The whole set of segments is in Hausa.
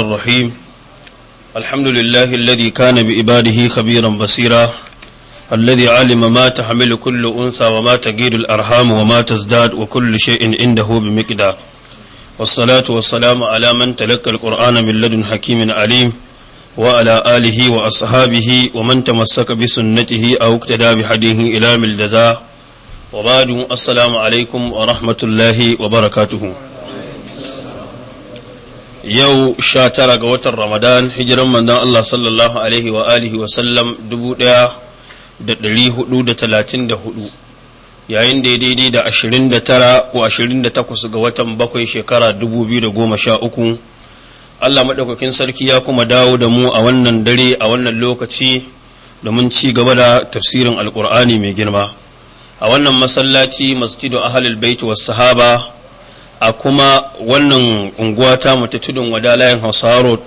الرحيم الحمد لله الذي كان بإباده خبيرا بصيرا الذي علم ما تحمل كل أنثى وما تجيد الأرحام وما تزداد وكل شيء عنده بمقدار والصلاة والسلام على من تلقى القرآن من لدن حكيم عليم وعلى آله وأصحابه ومن تمسك بسنته أو اقتدى بحديه إلى ملدزا وبعد السلام عليكم ورحمة الله وبركاته yau sha tara ga watan ramadan hijiran manzon Allah sallallahu alaihi wa alihi wa sallam dubu ɗaya da dari hudu da talatin da hudu yayin da daidai da ashirin da tara ko ashirin da takwas ga watan bakwai shekara dubu biyu da goma sha uku Allah maɗaukakin sarki ya kuma dawo da mu a wannan dare a wannan lokaci da mun ci gaba da tafsirin alkur'ani mai girma a wannan masallaci masu masjidu ahlul bait was sahaba a kuma wannan unguwa ta tudun wada layin hausa road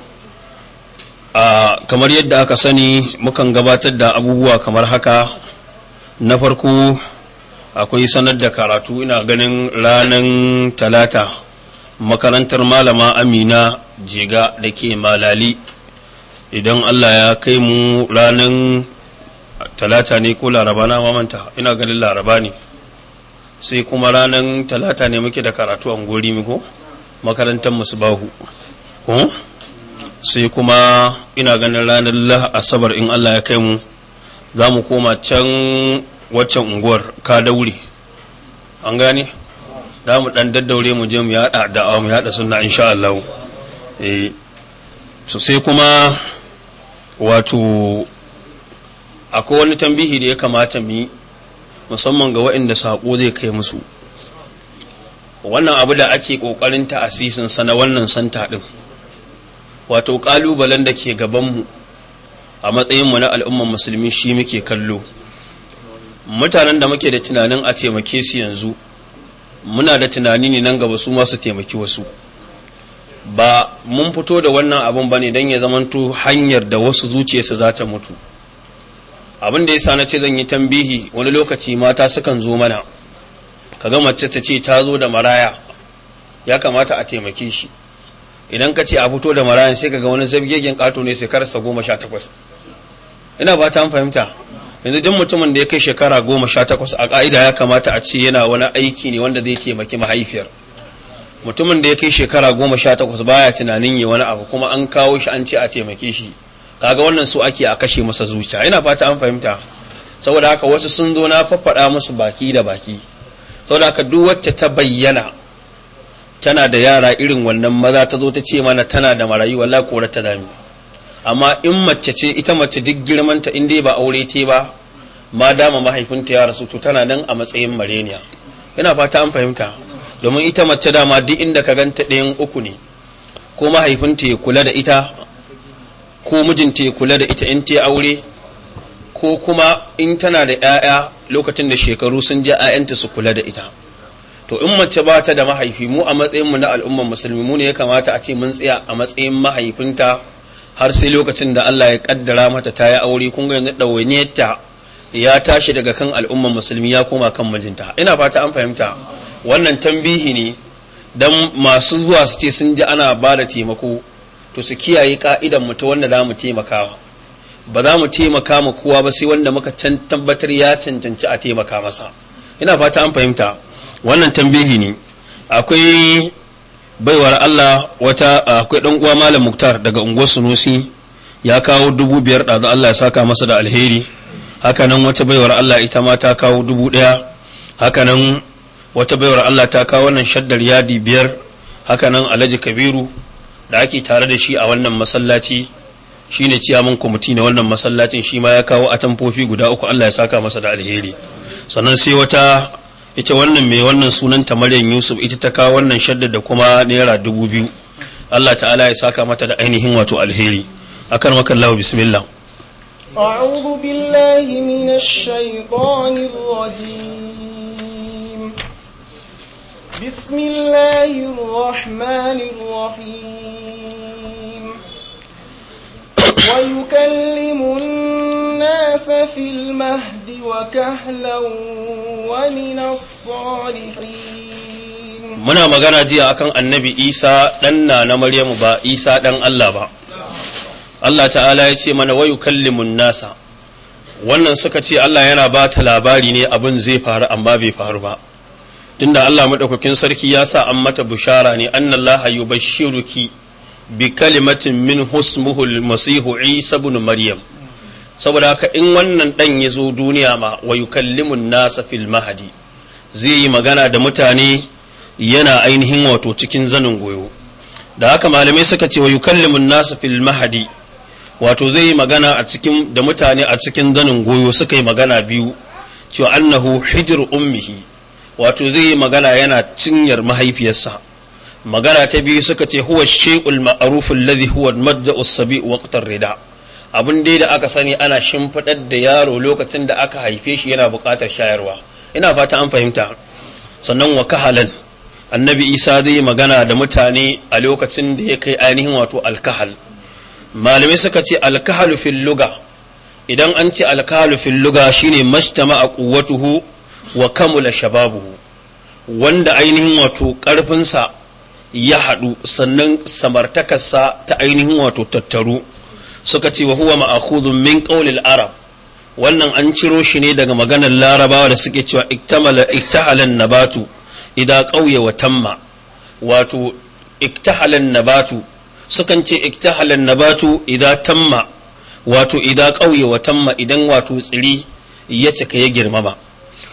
a kamar yadda aka sani mukan gabatar da abubuwa kamar haka na farko akwai sanar da karatu ina ganin ranar talata makarantar malama amina jega da ke malali idan allah ya kai mu ranar talata ne ko laraba na mamanta ina ganin laraba ne sai kuma ranar talata ne muke da karatu a gori miko makarantar bahu sai kuma ina ganin ranar asabar in allah ya kai mu za mu koma can waccan unguwar ka daure an gane za mu dan daddaure mu je mu yada da'awa mu yada sunna insha Allah eh, sai kuma wato akwai wani tambihi da ya kamata mu musamman ga waɗanda saƙo zai kai musu wannan abu da ake ƙoƙarin ta asisin sana wannan santa ɗin wato ƙalubalen da ke gabanmu a matsayinmu na al'ummar musulmi shi muke kallo mutanen da muke da tunanin a taimake su yanzu muna da tunani ne nan gaba su masu taimaki wasu ba mun fito da wannan abin ba ne don ya zamanto hanyar da wasu zuciyarsu za ta mutu abin da ya sa na ce zan yi tambihi wani lokaci mata sukan zo mana ka kaga mace ta ce ta zo da maraya ya kamata a taimake shi idan ka ce a fito da marayan sai kaga wani zabgegen kato ne karasa goma sha takwas ina ba ta fahimta yanzu duk mutumin da ya kai shekara goma sha takwas a ka'ida ya kamata a ce yana wani aiki ne wanda zai taimaki mahaifiyar mutumin da ya kai shekara goma sha takwas baya tunanin yi wani abu kuma an kawo shi an ce a taimake shi kaga wannan su ake a kashe masa zuciya ina fata an fahimta saboda haka wasu sun zo na faffaɗa musu baki da baki saboda haka duk wacce ta bayyana tana da yara irin wannan maza ta zo ta ce mana tana da marayu wallahi kora ta dami amma in mace ce ita mace duk girmanta in dai ba aure te ba ma dama mahaifinta ya rasu to tana nan a matsayin mareniya ina fata an fahimta domin ita mace dama duk inda ka ganta ɗayan uku ne ko mahaifinta ya kula da ita ko mijinta ya kula da ita in ta yi aure ko kuma in tana da 'ya'ya lokacin da shekaru sun ja 'ya'yanta su kula da ita to in mace ba ta da mahaifi mu a matsayinmu na al'ummar musulmi mu ne ya kamata a ce mun tsaya a matsayin mahaifinta har sai lokacin da Allah ya kaddara mata ta yi aure kun ga yanzu ɗawainiyarta ya tashi daga kan al'ummar musulmi ya koma kan mijinta ina fata an fahimta wannan tambihi ne dan masu zuwa su ce sun ji ana ba da taimako to su kiyaye ka'idan mu ta wanda za mu taimaka ba za mu taimaka ma kowa ba sai wanda muka tabbatar ya cancanci a taimaka masa ina fata an fahimta wannan tambihi ne akwai baiwar Allah wata akwai dan uwa malam Muktar daga unguwar Sunusi ya kawo dubu biyar ɗazu Allah ya saka masa da alheri haka nan wata baiwar Allah ita ma ta kawo dubu ɗaya haka nan wata baiwar Allah ta kawo wannan shaddar yadi biyar haka nan Alhaji Kabiru da ake tare da shi a wannan masallaci shi shine ciyamin kwamiti na wannan masallacin shi ma ya kawo a atamfofi guda uku Allah ya saka masa da alheri sannan sai wata ita wannan mai wannan sunanta Maryam Yusuf ita ta kawo wannan shadda da kuma naira dubu biyu Allah ta'ala ya saka mata da ainihin wato alheri akan wakan lawa bismillah أعوذ بالله من الشيطان الرجيم بسم الله الرحمن الرحيم ويكلم الناس في المهد وكهلا ومن الصالحين muna magana jiya akan annabi isa ɗan na na maryamu ba isa ɗan allah ba allah ta'ala ya ce mana wayu nasa wannan suka ce allah yana ba ta labari ne abin zai faru amma bai faru ba tunda Allah madaukakin sarki ya sa an mata bushara ne annallaha yubashshiruki bi kalimatin min husmuhu almasihu isa ibn maryam saboda haka in wannan dan ya zo duniya ma wa yukallimu nasa fil mahdi zai yi magana da mutane yana ainihin wato cikin zanin goyo da haka malamai suka ce wa yukallimu nasa fil mahdi wato zai yi magana a cikin da mutane a cikin zanin goyo suka yi magana biyu cewa annahu hijr ummihi wato zai yi magana yana cinyar mahaifiyarsa magana ta biyu suka ce huwa shekul ma'arufin alladhi huwa madja'u sabi waqtar rida abin dai da aka sani ana shimfidar da yaro lokacin da aka haife shi yana buƙatar shayarwa ina fata an fahimta sannan wa kahalan annabi isa zai magana da mutane a lokacin da ya kai ainihin wato alkahal malamai suka ce alkahalu fil luga idan an ce alkahalu fil luga shine mashtama a quwwatuhu wa kamula shababuhu wanda ainihin wato ƙarfinsa ya haɗu sannan samartakarsa ta ainihin wato tattaru suka ce wa huwa ma'akhudun min qawlil arab wannan an ciro shi ne daga maganar larabawa da suke cewa iktamala iktahalan nabatu ida qawya wa tamma wato iktahalan nabatu sukan ce iktahalan nabatu ida tamma wato ida qawya wa tamma idan wato tsiri ya cika ya girmama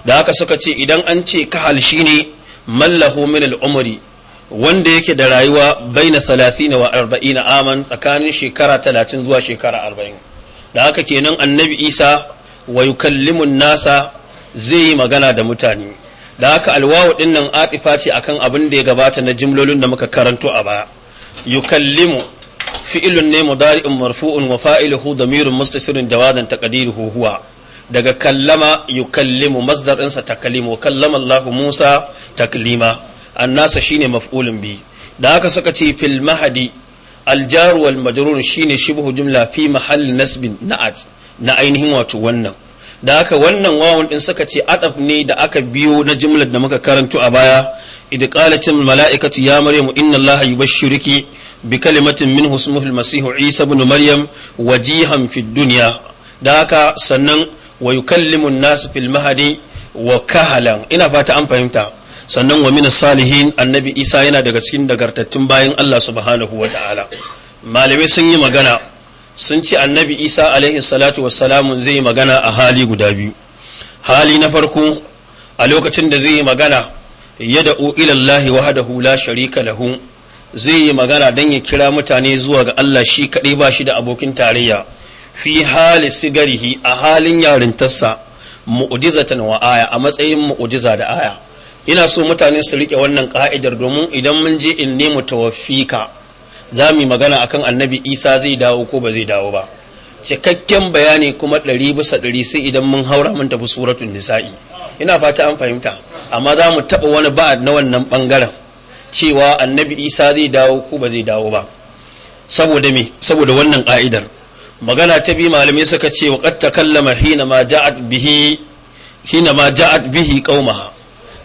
da haka suka ce idan an ce kahal ne mallahu min al'umari wanda yake da rayuwa baina salasina wa na aman tsakanin shekara talatin zuwa shekara arba'in da haka kenan annabi isa wa yukallimun nasa zai yi magana da mutane da haka alwawu din nan atifa ce akan abin da ya gabata na jimlolin da muka karanto a baya yukallimu fi'ilun ne mudari'un marfu'un wa fa'iluhu damirun mustasirin jawadan taqdiruhu huhuwa. daga kallama yukallimu masdar ɗinsa takalimu kallama Allah Musa taklima annasa shine maf'ulun bi da haka saka ce fil mahadi aljar wal majrur shine shibhu jumla fi mahall nasbin na'at na ainihin wato wannan da haka wannan wawan din saka ce adaf ne da aka biyo na jumlar da muka karanto a baya idh mala'ikatu ya maryamu inna allaha yubashshiruki bi kalimatin min ismuhu al-masih isa ibn maryam wajihan fid dunya da haka sannan wa yukallimu nasu fil mahadi wa kahalan ina fata an fahimta sannan wa min salihin annabi isa yana daga cikin dagartattun bayan Allah subhanahu wa ta'ala malamai sun yi magana sun ce annabi isa alaihi salatu wassalamu zai magana a hali guda biyu hali na farko a lokacin da zai yi magana ya da'u ilallahi wahdahu la sharika lahu zai yi magana don ya kira mutane zuwa ga Allah shi kaɗai ba shi da abokin tarayya fi hali sigarihi a halin yarintarsa ta wa aya a matsayin mu'jiza da aya ina so mutane su rike wannan ka'idar domin idan mun je in nemi tawaffika za mu yi magana akan annabi isa zai dawo ko ba zai dawo ba cikakken bayani kuma ɗari bisa ɗari sai idan mun haura mun tafi suratun nisa'i ina fata an fahimta amma za mu taɓa wani ba na wannan ɓangaren cewa annabi isa zai dawo ko ba zai dawo ba saboda me saboda wannan ka'idar magana ta bi malamai suka ce wa qad kallama hina ma ja'at bihi hina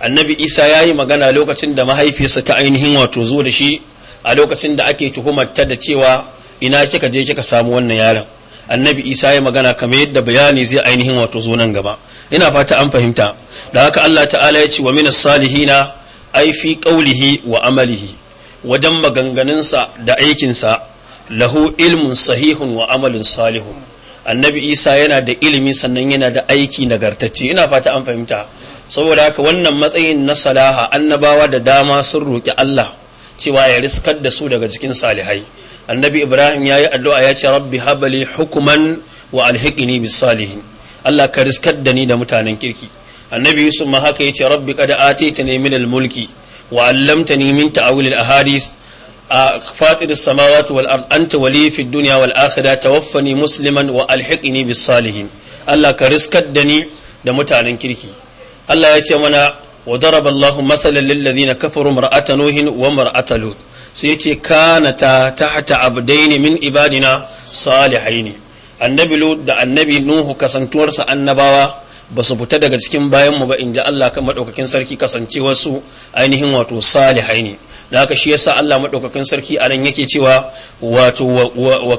annabi isa ya yi magana lokacin da mahaifiyarsa ta ainihin wato zo da shi a lokacin da ake tuhumar ta da cewa ina kika je kika samu wannan yaron annabi isa ya magana kamar yadda bayani zai ainihin wato zo nan gaba ina fata an fahimta da haka allah ta'ala ya ce wa minas salihina ai fi qaulihi wa amalihi wajen maganganunsa da aikinsa lahu ilmun sahihun wa amalin salihun annabi isa yana da ilimi sannan yana da aiki nagartacce ina fata an fahimta saboda haka wannan matsayin na salaha annabawa da dama sun roƙi allah cewa ya riskar da su daga cikin salihai annabi ibrahim ya yi addu'a ya ce rabbi habali hukuman wa alhiqini bis salihin allah ka riskar da ni da mutanen kirki annabi yusuf ma haka ya ce rabbi qad atitani min al mulki wa allamtani min ta'awil al ahadith a fatir samawati wal ard anta wali fi dunya wal akhirah tawaffani musliman wa alhiqni bis salihin Allah ka riskar da ni da mutanen kirki Allah ya ce mana wa daraba Allahu masalan lil ladina kafaru mar'ata nuhin wa mar'ata lut sai yace kana ta tahta abdaini min ibadina salihaini annabi lut da annabi nuhu kasantuwarsa annabawa ba su fita daga cikin bayanmu ba inda Allah ka maɗaukakin sarki kasance wasu ainihin wato salihai da haka shi yasa Allah maɗaukakan sarki anan yake cewa wato wa wa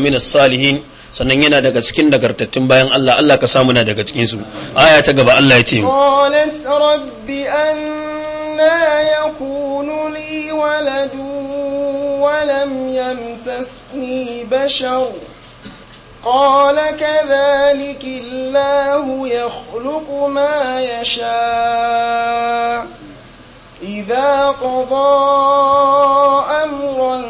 minas salihin sannan yana daga cikin nagartattun bayan Allah Allah ka samu na daga cikin su aya ta gaba Allah ya ce qalat rabbi anna yakunu li waladu wa قال كذلك الله يخلق ما يشاء إذا قضى أمرا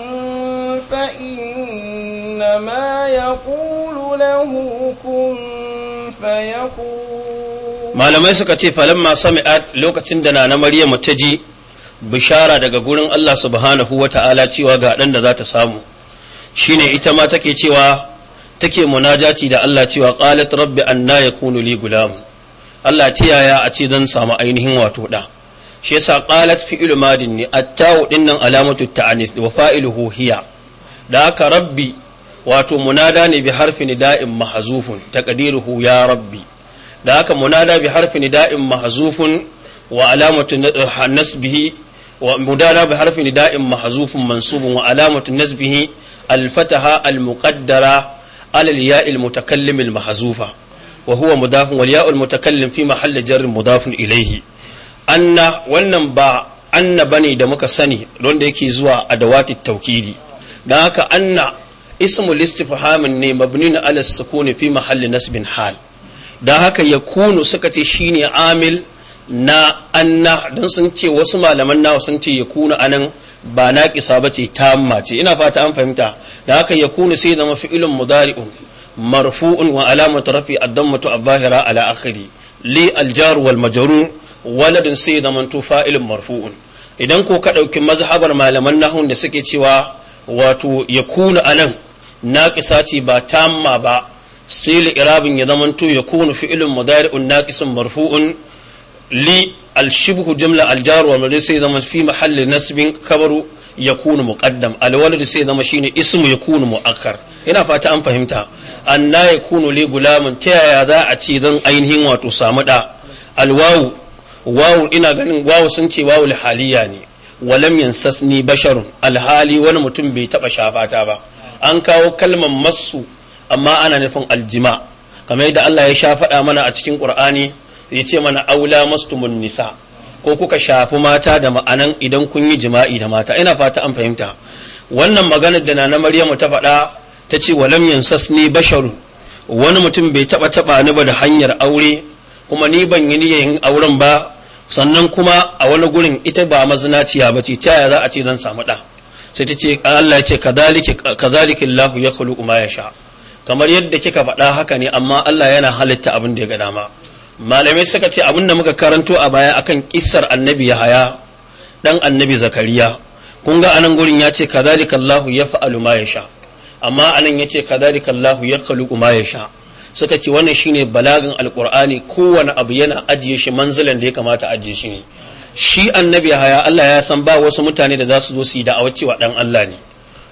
فإنما يقول له كن فيكون malamai suka ce falamma sami'at lokacin da nana Maryamu ta ji bishara daga gurin Allah subhanahu wa ta'ala cewa ga ɗan da za ta samu shine ita ma take cewa take munajaci da Allah cewa qalat rabbi anna yakunu li gulam Allah ta yaya a ce zan samu ainihin wato da shi yasa qalat fi'lu madin ne at-ta'u dinnan alamatu ta'anis wa fa'iluhu hiya da haka rabbi wato munada ne bi harfi nida'in mahzufun taqdiruhu ya rabbi da haka munada bi harfi nida'in mahzufun wa alamatu nasbihi wa munada bi harfi nida'in mahzufun mansubun wa alamatu nasbihi al-fataha al-muqaddara ala al-ya'i al-mutakallim al-mahzufa وهو مضاف والياء المتكلم في محل جر mudafun إليه anna wannan ba anna bane da muka sani wanda yake zuwa adawati tawkidi da haka anna ismu istifhamin ne mabnin ala sukuni fi mahalli nasbin hal da haka yakunu suka ce shine amil na anna dan sun ce wasu malaman nawa sun ce kunu anan ba naqisa bace tamma ce ina fata an fahimta da haka kunu sai da mafi'ilun mudari'un marfu'un wa alamatu rafi ad-dammatu abahira ala akhiri li aljaru jar wal majrur waladin sai ya zama tufa ilin marfu'un idan ko ka ɗauki mazhabar malaman nahun da suke cewa wato ya kuna anan na ce ba tamma ba sai li irabin ya zama ya kuna fi ilin mudari'un na kisan marfu'un li alshibhu jumla aljaru wa madin sai zama fi mahalli nasbin kabaru ya kuna muqaddam alwalid sai zama shine ismu ya kuna muakkar ina fata an fahimta anna ya kuna li ta yaya za a ce zan ainihin wato samu da alwawu wawu ina ganin wawu sun ce wawu haliya ne walam yansasni basharun alhali wani mutum bai taba shafata ba an kawo kalmar masu amma ana nufin aljima kamar yadda Allah ya sha faɗa mana a cikin Qur'ani ya ce mana aula mastumun nisa ko kuka shafi mata da ma'anan idan kun yi jima'i da mata ina fata an fahimta wannan maganar da nana Maryamu ta faɗa ta ce walam yansasni basharun wani mutum bai taba taba ni ba da hanyar aure kuma ni ban yi niyyar auren ba sannan kuma a wani gurin ita ba mazinaciya ba ce ta za a ce zan samu ɗa sai ta ce Allah ya ce kadhalika Allah ya khuluqu ma yasha kamar yadda kika faɗa haka ne amma Allah yana halitta abin da ya ga dama malamai suka ce abin da muka karanto a baya akan kissar annabi Yahaya ɗan annabi Zakariya kun ga anan gurin ya ce kadhalika Allah ya fa'alu ma yasha amma anan ya ce kadhalika Allah ya khuluqu ma yasha suka ce wannan shine balagin alkur'ani kowane abu yana ajiye shi manzilan da ya kamata ajiye shi ne shi annabi haya Allah ya san ba wasu mutane da za su zo su yi da'awar cewa dan Allah ne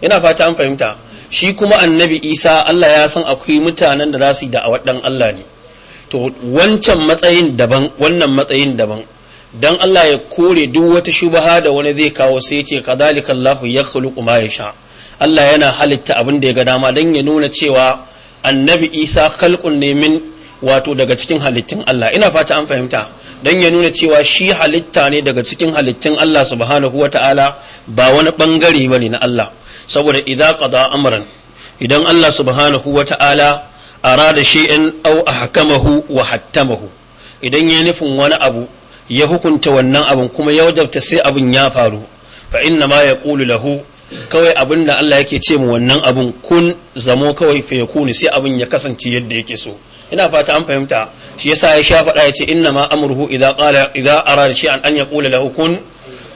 ina fata an fahimta shi kuma annabi Isa Allah ya san akwai mutanen da za su yi da'awar dan Allah ne to wancan matsayin daban wannan matsayin daban dan Allah ya kore duk wata shubaha da wani zai kawo sai ya ce kadhalika Allahu yakhluqu ma yasha Allah yana halitta abin da ya ga dama dan ya nuna cewa annabi isa khalqun ne min wato daga cikin halittun Allah ina fata an fahimta dan ya nuna cewa shi halitta ne daga cikin halittun Allah subhanahu ta'ala ba wani bangare ne na Allah saboda idan qada amran idan Allah subhanahu wata'ala arada shay'an aw ahkamahu wa hattamahu idan ya nufin wani abu ya hukunta wannan abin kuma ya wajabta sai abun ya faru fa inna ma yaqulu lahu kawai abin da Allah yake ce mu wannan abun kun zamo kawai fa sai abin ya kasance yadda yake so ina fata an fahimta shi yasa ya sha faɗa ce inna ma amruhu idza qala idza arada shay'an an yaqula lahu kun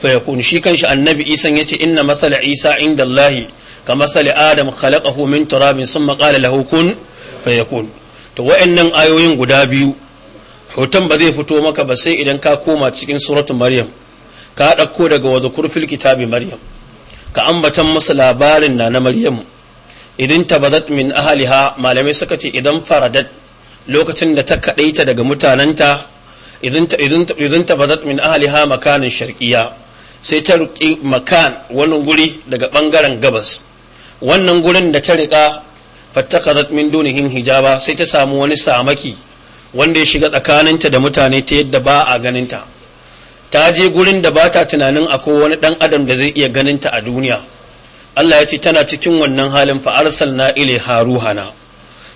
fa yakun shi kanshi annabi Isa ya ce inna masal Isa inda Allah ka masal Adam khalaqahu min turabin thumma qala lahu kun fa yakun to wa'annan ayoyin guda biyu hoton ba zai fito maka ba sai idan ka koma cikin suratul maryam ka ɗauko daga wadukur fil kitabi maryam ka ambatan musu labarin na na Maryam idan tabadat min ahaliha malamai suka ce idan faradat lokacin da ta kadaita daga mutanenta idan tabadat min ahaliha makanin sharqiya sai ta ruki makan wani guri daga bangaren gabas wannan gurin da ta rika fattakadat min dunihin hijaba sai ta samu wani samaki wanda ya shiga tsakaninta da mutane ta yadda ba a ganinta ta je gurin da ba ta tunanin akwai wani ɗan adam da zai iya ganinta a duniya Allah ya ce tana cikin wannan halin fa'arsal na ilaiha ruhana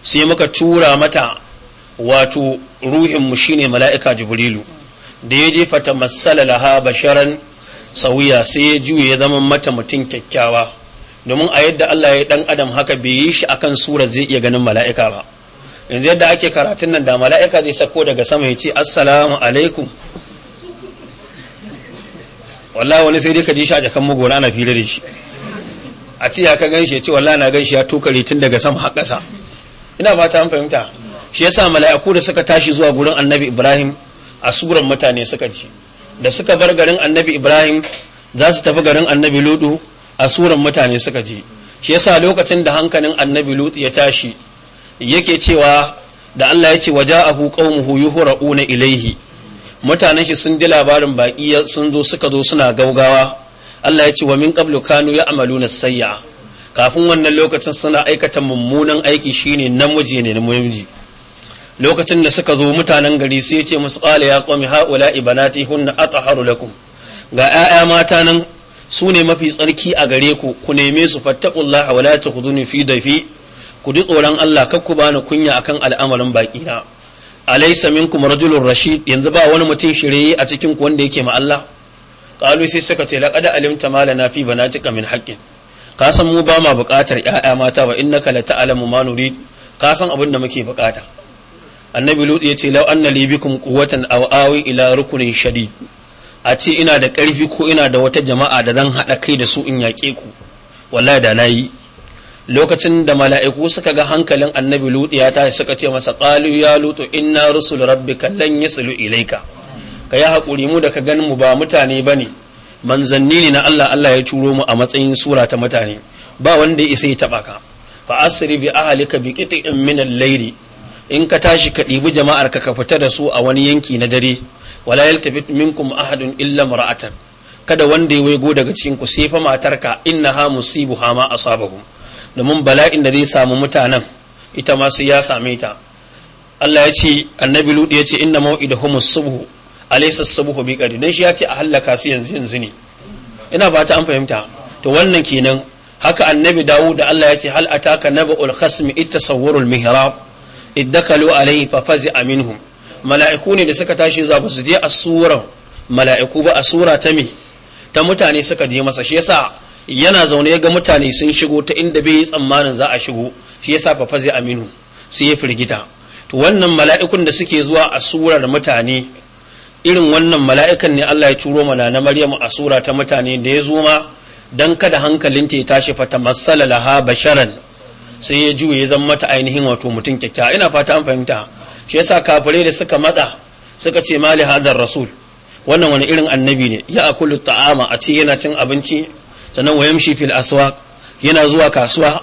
sai muka tura mata wato ruhin mu shine mala'ika jibrilu da ya jefa ta massala ha basharan sauya sai ya juye ya zama mata mutum kyakkyawa domin a yadda Allah ya ɗan adam haka bai yi shi akan sura zai iya ganin mala'ika ba yanzu yadda ake karatun nan da mala'ika zai sako daga sama ya ce assalamu alaikum wallahi wani sai dai ka ji shi a jakan magora ana fira da shi a ce ka gan shi ya ce wallahi na gan shi ya tokare tun daga sama har ƙasa ina fata ta fahimta shi yasa mala'iku da suka tashi zuwa gurin annabi ibrahim a suran mutane suka ci da suka bar garin annabi ibrahim za su tafi garin annabi ludu a suran mutane suka je shi yasa lokacin da hankalin annabi ludu ya tashi yake cewa da Allah ya ce waja'ahu qaumuhu yuhra'una ilaihi mutanen shi sun ji labarin baki sun zo suka zo suna gaugawa Allah ya ce wa min qablu kanu ya'maluna sayya kafin wannan lokacin suna aikata mummunan aiki shine namiji ne namiji lokacin da suka zo mutanen gari sai ce musu qala ya qawmi haula ibanati hunna ataharu lakum ga 'ya'ya mata nan su ne mafi tsarki a gare ku ku neme su fattaqullaha wala takhuduni fi dafi ku ji tsoron Allah kar ku bani kunya akan al'amarin baki na alaysa minkum rajulun rashid yanzu ba wani mutum shirye a cikin ku wanda yake ma Allah qalu sai suka ce laqad alimta ma lana fi banatika min haqqin ka san mu ba ma buƙatar ƴaƴa mata wa innaka la ta'lamu ma nurid ka san abin da muke buƙata annabi lut ya ce law anna li bikum quwwatan aw awi ila rukunin shadid a ce ina da ƙarfi ko ina da wata jama'a da zan haɗa kai da su in yaƙe ku wallahi da nayi lokacin da mala'iku suka ga hankalin annabi lutu ya tashi suka ce masa ƙalu ya lutu inna rusul rabbika ya yaslu ilaika ka ya haƙuri mu da ka gan mu ba mutane ba ne manzanni ne na Allah Allah ya turo mu a matsayin sura ta mutane ba wanda isa ya taba ka fa asri bi ahlika bi qit'in min al-layli in ka tashi ka ɗibi jama'ar ka fita da su a wani yanki na dare wala yaltafit minkum ahadun illa mar'atan kada wanda ya waigo daga cikin ku sai fa matarka in na innaha hama a asabahum domin bala'in da zai samu mutanen ita ma sai ya same ta Allah ya ce annabi ludi ya ce inna mau'idahum subhu alaysa subhu bi qadi dan shi ya ce a halaka su yanzu yanzu ne ina ba ta an fahimta to wannan kenan haka annabi dawo da Allah ya ce hal ataka nabul khasmi ittasawwarul mihrab iddakalu alayhi fa faz'a minhum mala'iku ne da suka tashi za ba su je a mala'iku ba asura ta me ta mutane suka je masa shi yasa yana zaune ya ga mutane sun shigo ta inda bai yi tsammanin za a shigo shi yasa fa zai aminu sai ya firgita to wannan mala'ikun da suke zuwa a surar mutane irin wannan mala'ikan ne Allah ya turo mana na Maryam a sura ta mutane da ya zo ma dan kada hankalinta ya tashi fa ta masala laha basharan sai ya juye ya zama mata ainihin wato mutum kyakkyawa ina fata an fahimta shi yasa kafirai da suka mada suka ce mali hadar rasul wannan wani irin annabi ne ya akulu ta'ama a ce yana cin abinci sannan wayan shi fil aswa yana zuwa kasuwa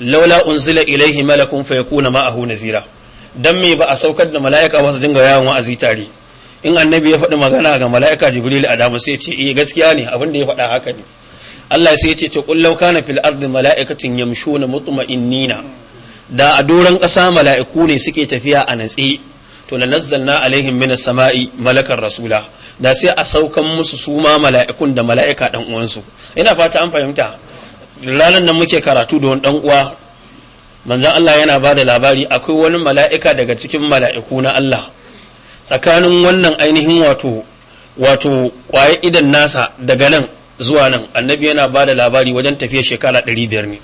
laula unzila ilaihi malakun fa yakuna ma'ahu nazira dan me ba a saukar da mala'ika ba su dinga yawon wa'azi tare in annabi ya faɗi magana ga mala'ika jibril adamu sai ce eh gaskiya ne abin da ya faɗa haka ne Allah sai ya ce qul law kana fil ardi mala'ikatun yamshuna mutma'innina da a doran ƙasa mala'iku ne suke tafiya a natsi to la nazzalna alaihim minas sama'i malakan rasula da sai a saukan musu su ma mala'ikun da mala'ika dan uwansu ina fata an fahimta ranar nan muke karatu da dan uwa manzon Allah yana ba da labari akwai wani mala'ika daga cikin mala'iku na Allah tsakanin wannan ainihin wato wato kwaye idan nasa daga nan zuwa nan annabi yana ba da labari wajen tafiya shekara 500 ne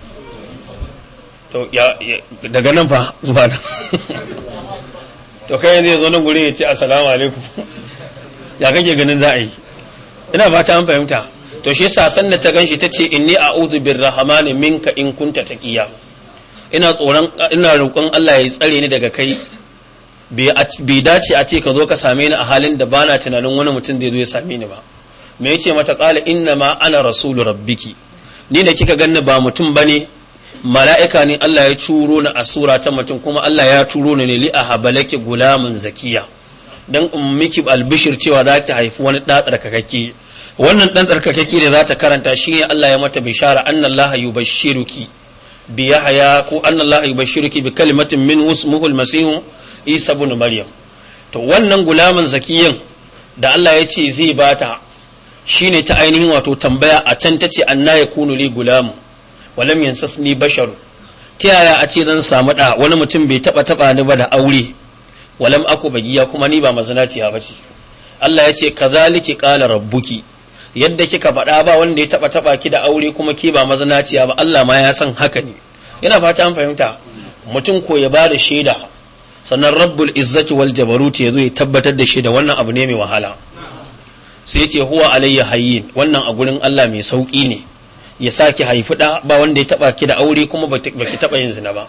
to ya daga nan fa zuwa nan to kai ne zo nan gure ya ce assalamu alaikum ya kake ganin za a yi ina fata an fahimta to shi yasa san da ta ganshi ta ce inni a'udhu birrahmani minka in kunta taqiya ina tsoron ina roƙon Allah ya tsare ni daga kai bai dace a ce ka zo ka same ni a halin da bana tunanin wani mutum zai zo ya same ni ba me yace mata qala inna ma ana rasulu rabbiki ni da kika ganni ba mutum bane mala'ika ne Allah ya turo ni a sura ta mutum kuma Allah ya turo ni ne li ahabalaki gulamun zakiya dan in miki albishir cewa za ta haifi wani ɗa tsarkakakke wannan ɗan tsarkakakke da za ta karanta shine Allah ya mata bishara annallaha yubashshiruki bi yahya ko annallaha yubashshiruki bi kalimatin min ismuhu almasih isa ibn maryam to wannan gulamin zakiyin da Allah ya ce zai bata shine ta ainihin wato tambaya a can tace anna yakunu li gulamu walam yansasni basharu ta yaya a ce zan samu da wani mutum bai taba taba ni ba da aure walam aku bagiya kuma ni ba mazinaciya ba ce Allah ya ce kazaliki ƙala rabbuki yadda kika faɗa ba wanda ya taɓa-taɓa ki da aure kuma ki ba mazinaciya ba Allah ma ya san haka ne yana fata an fahimta mutum ko ya bada shaida sannan rabbul izzati wal jabarut zo ya tabbatar da shaida wannan abu ne mai wahala sai ce huwa alayya hayyin wannan a gurin Allah mai sauki ne ya saki haifi ɗa ba wanda ya taɓa ki da aure kuma baki taɓa yin zina ba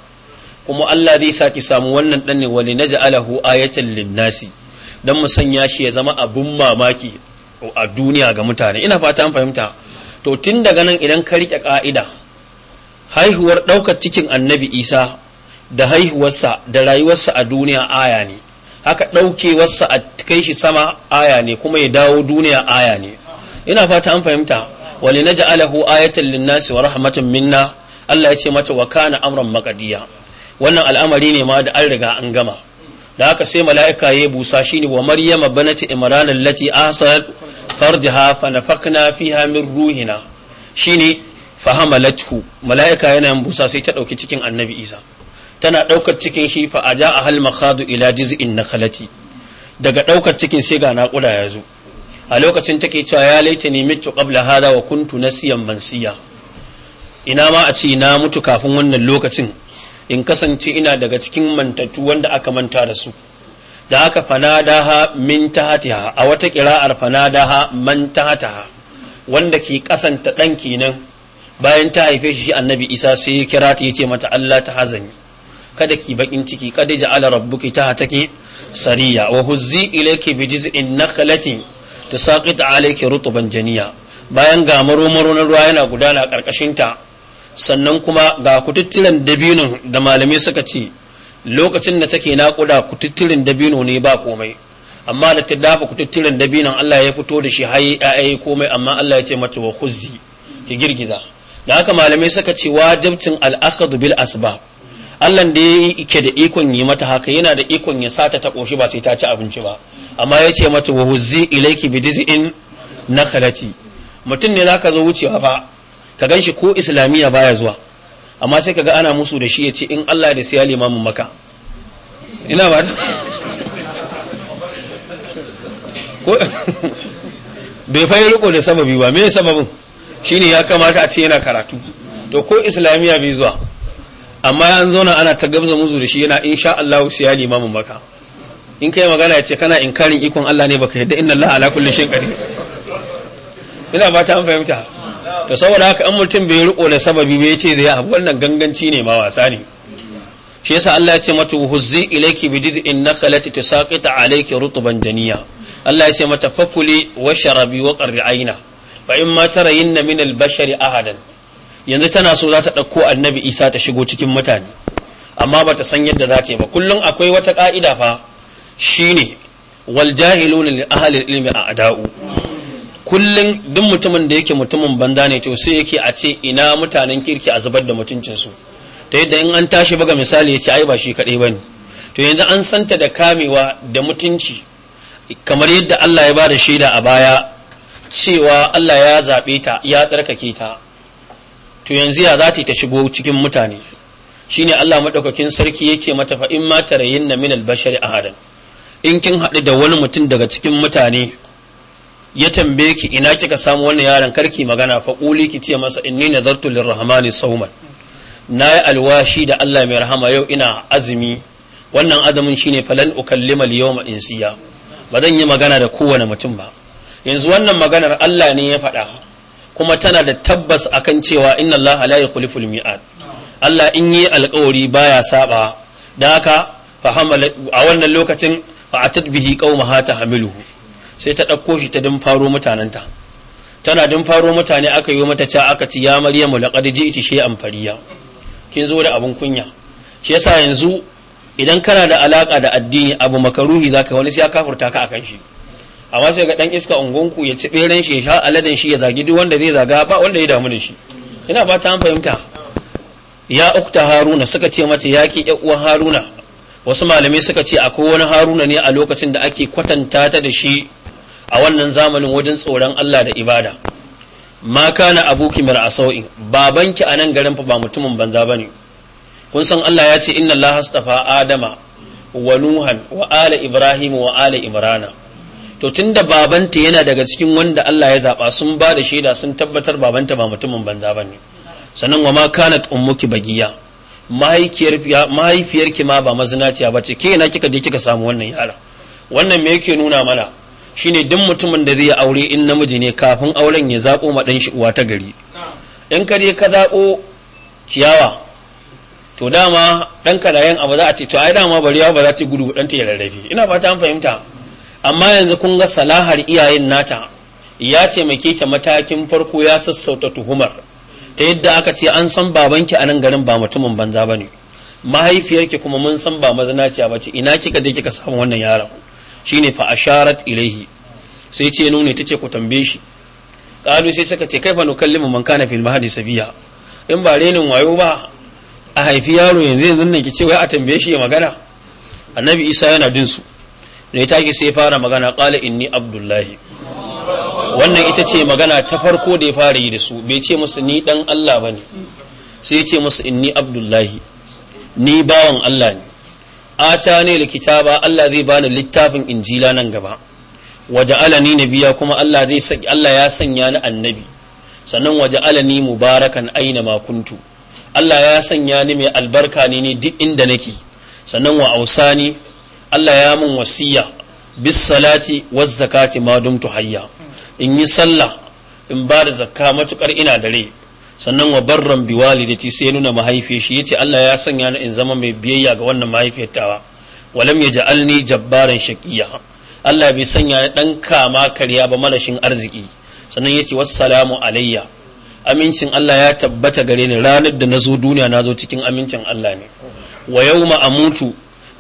kuma Allah zai saki samu wannan dan ne wali naj'alahu ayatan linnasi dan mu sanya shi ya zama abun mamaki a duniya ga mutane ina fata an fahimta to tun daga nan idan ka rike ka'ida haihuwar ɗaukar cikin annabi isa da haihuwarsa da rayuwarsa a duniya aya ne haka ɗaukewarsa a kai shi sama aya ne kuma ya dawo duniya aya ne ina fata an fahimta wali naj'alahu ayatan linnasi wa rahmatan minna Allah ya ce mata wa kana amran maqadiya wannan al'amari ne ma da an riga an gama da haka sai mala'ika ya busa shine wa maryama banati imran allati ahsanat farjaha fa nafakna fiha min ruhina shine fa hamalathu mala'ika yana yin busa sai ta dauki cikin annabi isa tana daukar cikin shi fa aja ahal makhadu ila jiz'in nakalati daga daukar cikin sai ga naƙuda ya zo a lokacin take cewa ya laita ni mitu qabla hada wa kuntu nasiyan mansiya ina ma a ce na mutu kafin wannan lokacin in kasance ina daga cikin mantattu wanda aka manta da su da haka fanadaha min tahatiha a wata kira'ar fanadaha man tahataha wanda ke kasanta ɗan kenan bayan ta haife shi annabi isa sai ya kira ta yace mata Allah ta hazani kada ki bakin ciki kada ja'ala rabbuki hatake sariya wa huzzi ilayki bi jiz'in nakhlati tusaqit alayki rutuban janiya bayan ga maro maro na ruwa yana gudana karkashin ta sannan kuma ga kututturen dabino da malamai suka ce lokacin da take naƙuda kututturen dabino ne ba komai amma da ta dafa kututturen dabinon Allah ya fito da shi hayi ƴaƴa komai amma Allah ya ce mata wa khuzzi ki girgiza da haka malamai suka ce wajibcin al-akhdhu bil asbab Allah da yake da ikon yi mata haka yana da ikon ya sata ta koshi ba sai ta ci abinci ba amma ya ce mata wa huzzi ilayki bi jiz'in nakhlati mutum ne zaka zo wucewa fa ka gan shi ko islamiyya baya zuwa amma sai kaga ana musu da shi ya ce in Allah da sai ya limamin maka ina ba bai fayi riko da sababi ba me sababin shine ya kamata a ce yana karatu to ko islamiyya bai zuwa amma an zauna ana ta gabza musu da shi yana insha Allah sai ya limamin maka in kai magana ya ce kana inkarin ikon Allah ne baka yadda inna Allah ala kulli shay'in qadir ina ba ta an fahimta to saboda haka an mutum bai riko da sababi bai ce zai abu wannan ganganci ne ma wasa ne shi yasa Allah ya ce mata huzzi ilayki bi jid'in ta tusaqita alayki rutuban janiya Allah ya ce mata fakuli wa sharabi wa qarri aina fa in ma tarayinna min al-bashari ahadan yanzu tana so za ta ɗauko annabi isa ta shigo cikin mutane amma ba ta san yadda za ta yi ba kullum akwai wata ƙa'ida fa shine wal jahiluna li ahli ilmi a ada'u kullum duk mutumin da yake mutumin banda ne to sai yake a ce ina mutanen kirki a zubar da mutuncinsu ta yadda in an tashi baga misali ya ce ai ba shi kaɗai ba ne to yanzu an santa da kamewa da mutunci kamar yadda Allah ya ba da shaida a baya cewa Allah ya zaɓe ta ya tsarkake ta to yanzu ya za ta shigo cikin mutane shine Allah maɗaukakin sarki yake mata fa in ma tarayyin na min albashari ahadan in kin haɗu da wani mutum daga cikin mutane ya tambaye ki ina kika samu wannan yaron karki magana fa quli ki ce masa inni nadartu lirrahmani sawman nayi alwashi da Allah mai rahama yau ina azumi wannan azumin shine falan ukallima al in insiya ba zan yi magana da kowane mutum ba yanzu wannan maganar Allah ne ya faɗa kuma tana da tabbas akan cewa inna Allah la yukhliful mi'ad Allah in yi alkawari baya saba da haka a wannan lokacin fa atat bihi qauma ta hamiluhu sai ta ɗauko shi ta mutanen mutanenta tana faro mutane aka yi mata ca aka ci ya maryamu laqad ji'ti shay'an fariya kin zo da abun kunya shi yasa yanzu idan kana da alaka da addini abu makaruhi zaka wani sai ya kafurta ka akan shi amma sai ga dan iska ungunku ya ci beren shi ya sha aladen shi ya zagi duk wanda zai zaga ba wanda ya damu da shi ina ba ta fahimta ya ukta haruna suka ce mata ya ki uwa haruna wasu malamai suka ce akwai wani haruna ne a lokacin da ake kwatanta ta da shi a wannan zamanin wajen tsoron Allah da ibada ma kana abuki asawi babanki anan garin fa ba mutumin banza bane kun san Allah ya ce inna Allah astafa adama wa nuhan wa ala ibrahim wa ala imrana to tunda babanta yana daga cikin wanda Allah ya zaba sun ba da shaida sun tabbatar babanta ba mutumin banza bane sannan wa ma kanat ummuki bagiya mahaifiyar mahaifiyarki ma ba mazinaciya bace ke na kika je kika samu wannan yara wannan me yake nuna mana shine duk mutumin da zai aure in namiji ne kafin auren ya zaɓo ma ɗan shi uwa ta gari in kare ka zaɓo ciyawa to dama ɗan ka abu za a ce to ai dama bariya ba za ta gudu ɗan ta ya rarrafe ina fata an fahimta amma yanzu kun ga salahar iyayen nata ya taimake ta matakin farko ya sassauta tuhumar ta yadda aka ce an san babanki a nan garin ba mutumin banza ba ne mahaifiyarki kuma mun san ba mazinaciya ba ce ina kika je kika samu wannan yaron Shi ne fa'asharat ilaihi sai ce nune ce ku tambaye shi qalu sai suka ce kai kaifa nukallimu man kana fil mahdi sabiya in ba renin wayo ba a haifi yaro yanzu yanzu nan ki ce wai a tambaye shi ya magana annabi isa yana bin su ne take sai fara magana qala inni abdullahi wannan ita ce magana ta farko da ya fara yi da su bai ce musu ni dan Allah bane sai ya ce musu inni abdullahi ni bawan Allah ne ne likita ba Allah zai bani littafin injila nan gaba waje alani nabiya kuma Allah zai saki Allah ya sanya ni annabi sannan waje alani mubarakan aina makuntu Allah ya sanya ni mai albarka ne ne duk inda nake sannan wa ausani Allah ya mun wasiya bis salati waz zakati ma dumtu hayya in yi sallah in ba da zakka matukar ina dare. sannan wa barran bi walidati sai nuna mahaifiyar shi yace Allah ya sanya ni in zama mai biyayya ga wannan mahaifiyar tawa walam yaj'alni jabbaran shaqiya Allah bai sanya ni dan kama karya ba marashin arziki sannan yace wassalamu alayya amincin Allah ya tabbata gare ni ranar da nazo duniya nazo cikin amincin Allah ne wa yawma amutu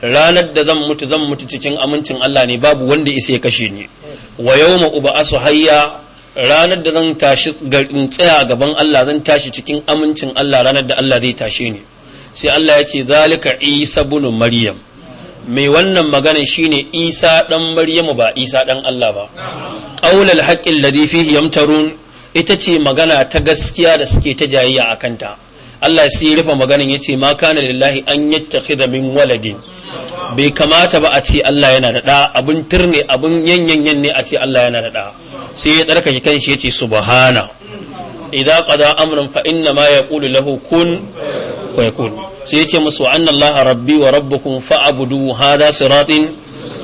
ranar da zan mutu zan mutu cikin amincin Allah ne babu wanda isa ya kashe ni wa yawma uba'asu hayya ranar da zan tashi garin tsaya gaban Allah zan tashi cikin amincin Allah ranar da Allah zai tashe ni sai Allah ya ce zalika Isa bunu Maryam mai wannan magana shine Isa dan maryam ba Isa dan Allah ba qaulul haqqi alladhi fihi yamtarun ita ce magana ta gaskiya da suke ta jayayya akanta Allah sai ya rufe maganan yace ma kana lillahi an yattakhidha min waladin bai kamata ba a ce Allah yana da ɗa abin turne abin yanyanyan ne a ce Allah yana da ɗa sai ya tsarkake kanshi ya ce subhana idan qada amran fa inna ma yaqulu lahu kun fayakun sai ya ce musu anna Allah rabbi wa rabbukum fa'budu hadha siratin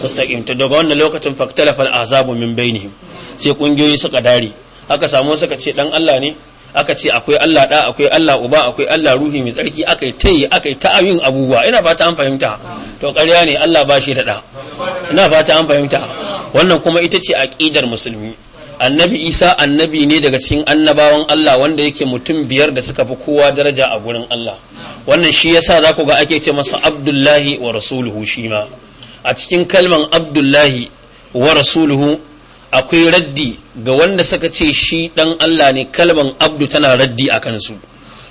mustaqim to daga wannan lokacin faktalafa al-azabu min bainihim sai kungiyoyi suka dare aka samu suka ce dan Allah ne aka ce akwai Allah da akwai Allah uba akwai Allah ruhi mai tsarki aka yi tayi aka yi abubuwa ina fata an fahimta to ƙarya ne Allah ba shi da ɗa. ina fata an fahimta wannan kuma ita ce aqidar musulmi annabi Isa annabi ne daga cikin annabawan Allah wanda yake mutum biyar da suka fi kowa daraja a gurin Allah wannan shi yasa za ku ga ake ce masa Abdullahi wa rasuluhu shi a cikin kalman Abdullahi wa rasuluhu akwai raddi ga wanda suka ce shi dan Allah ne kalman abdu tana raddi a kansu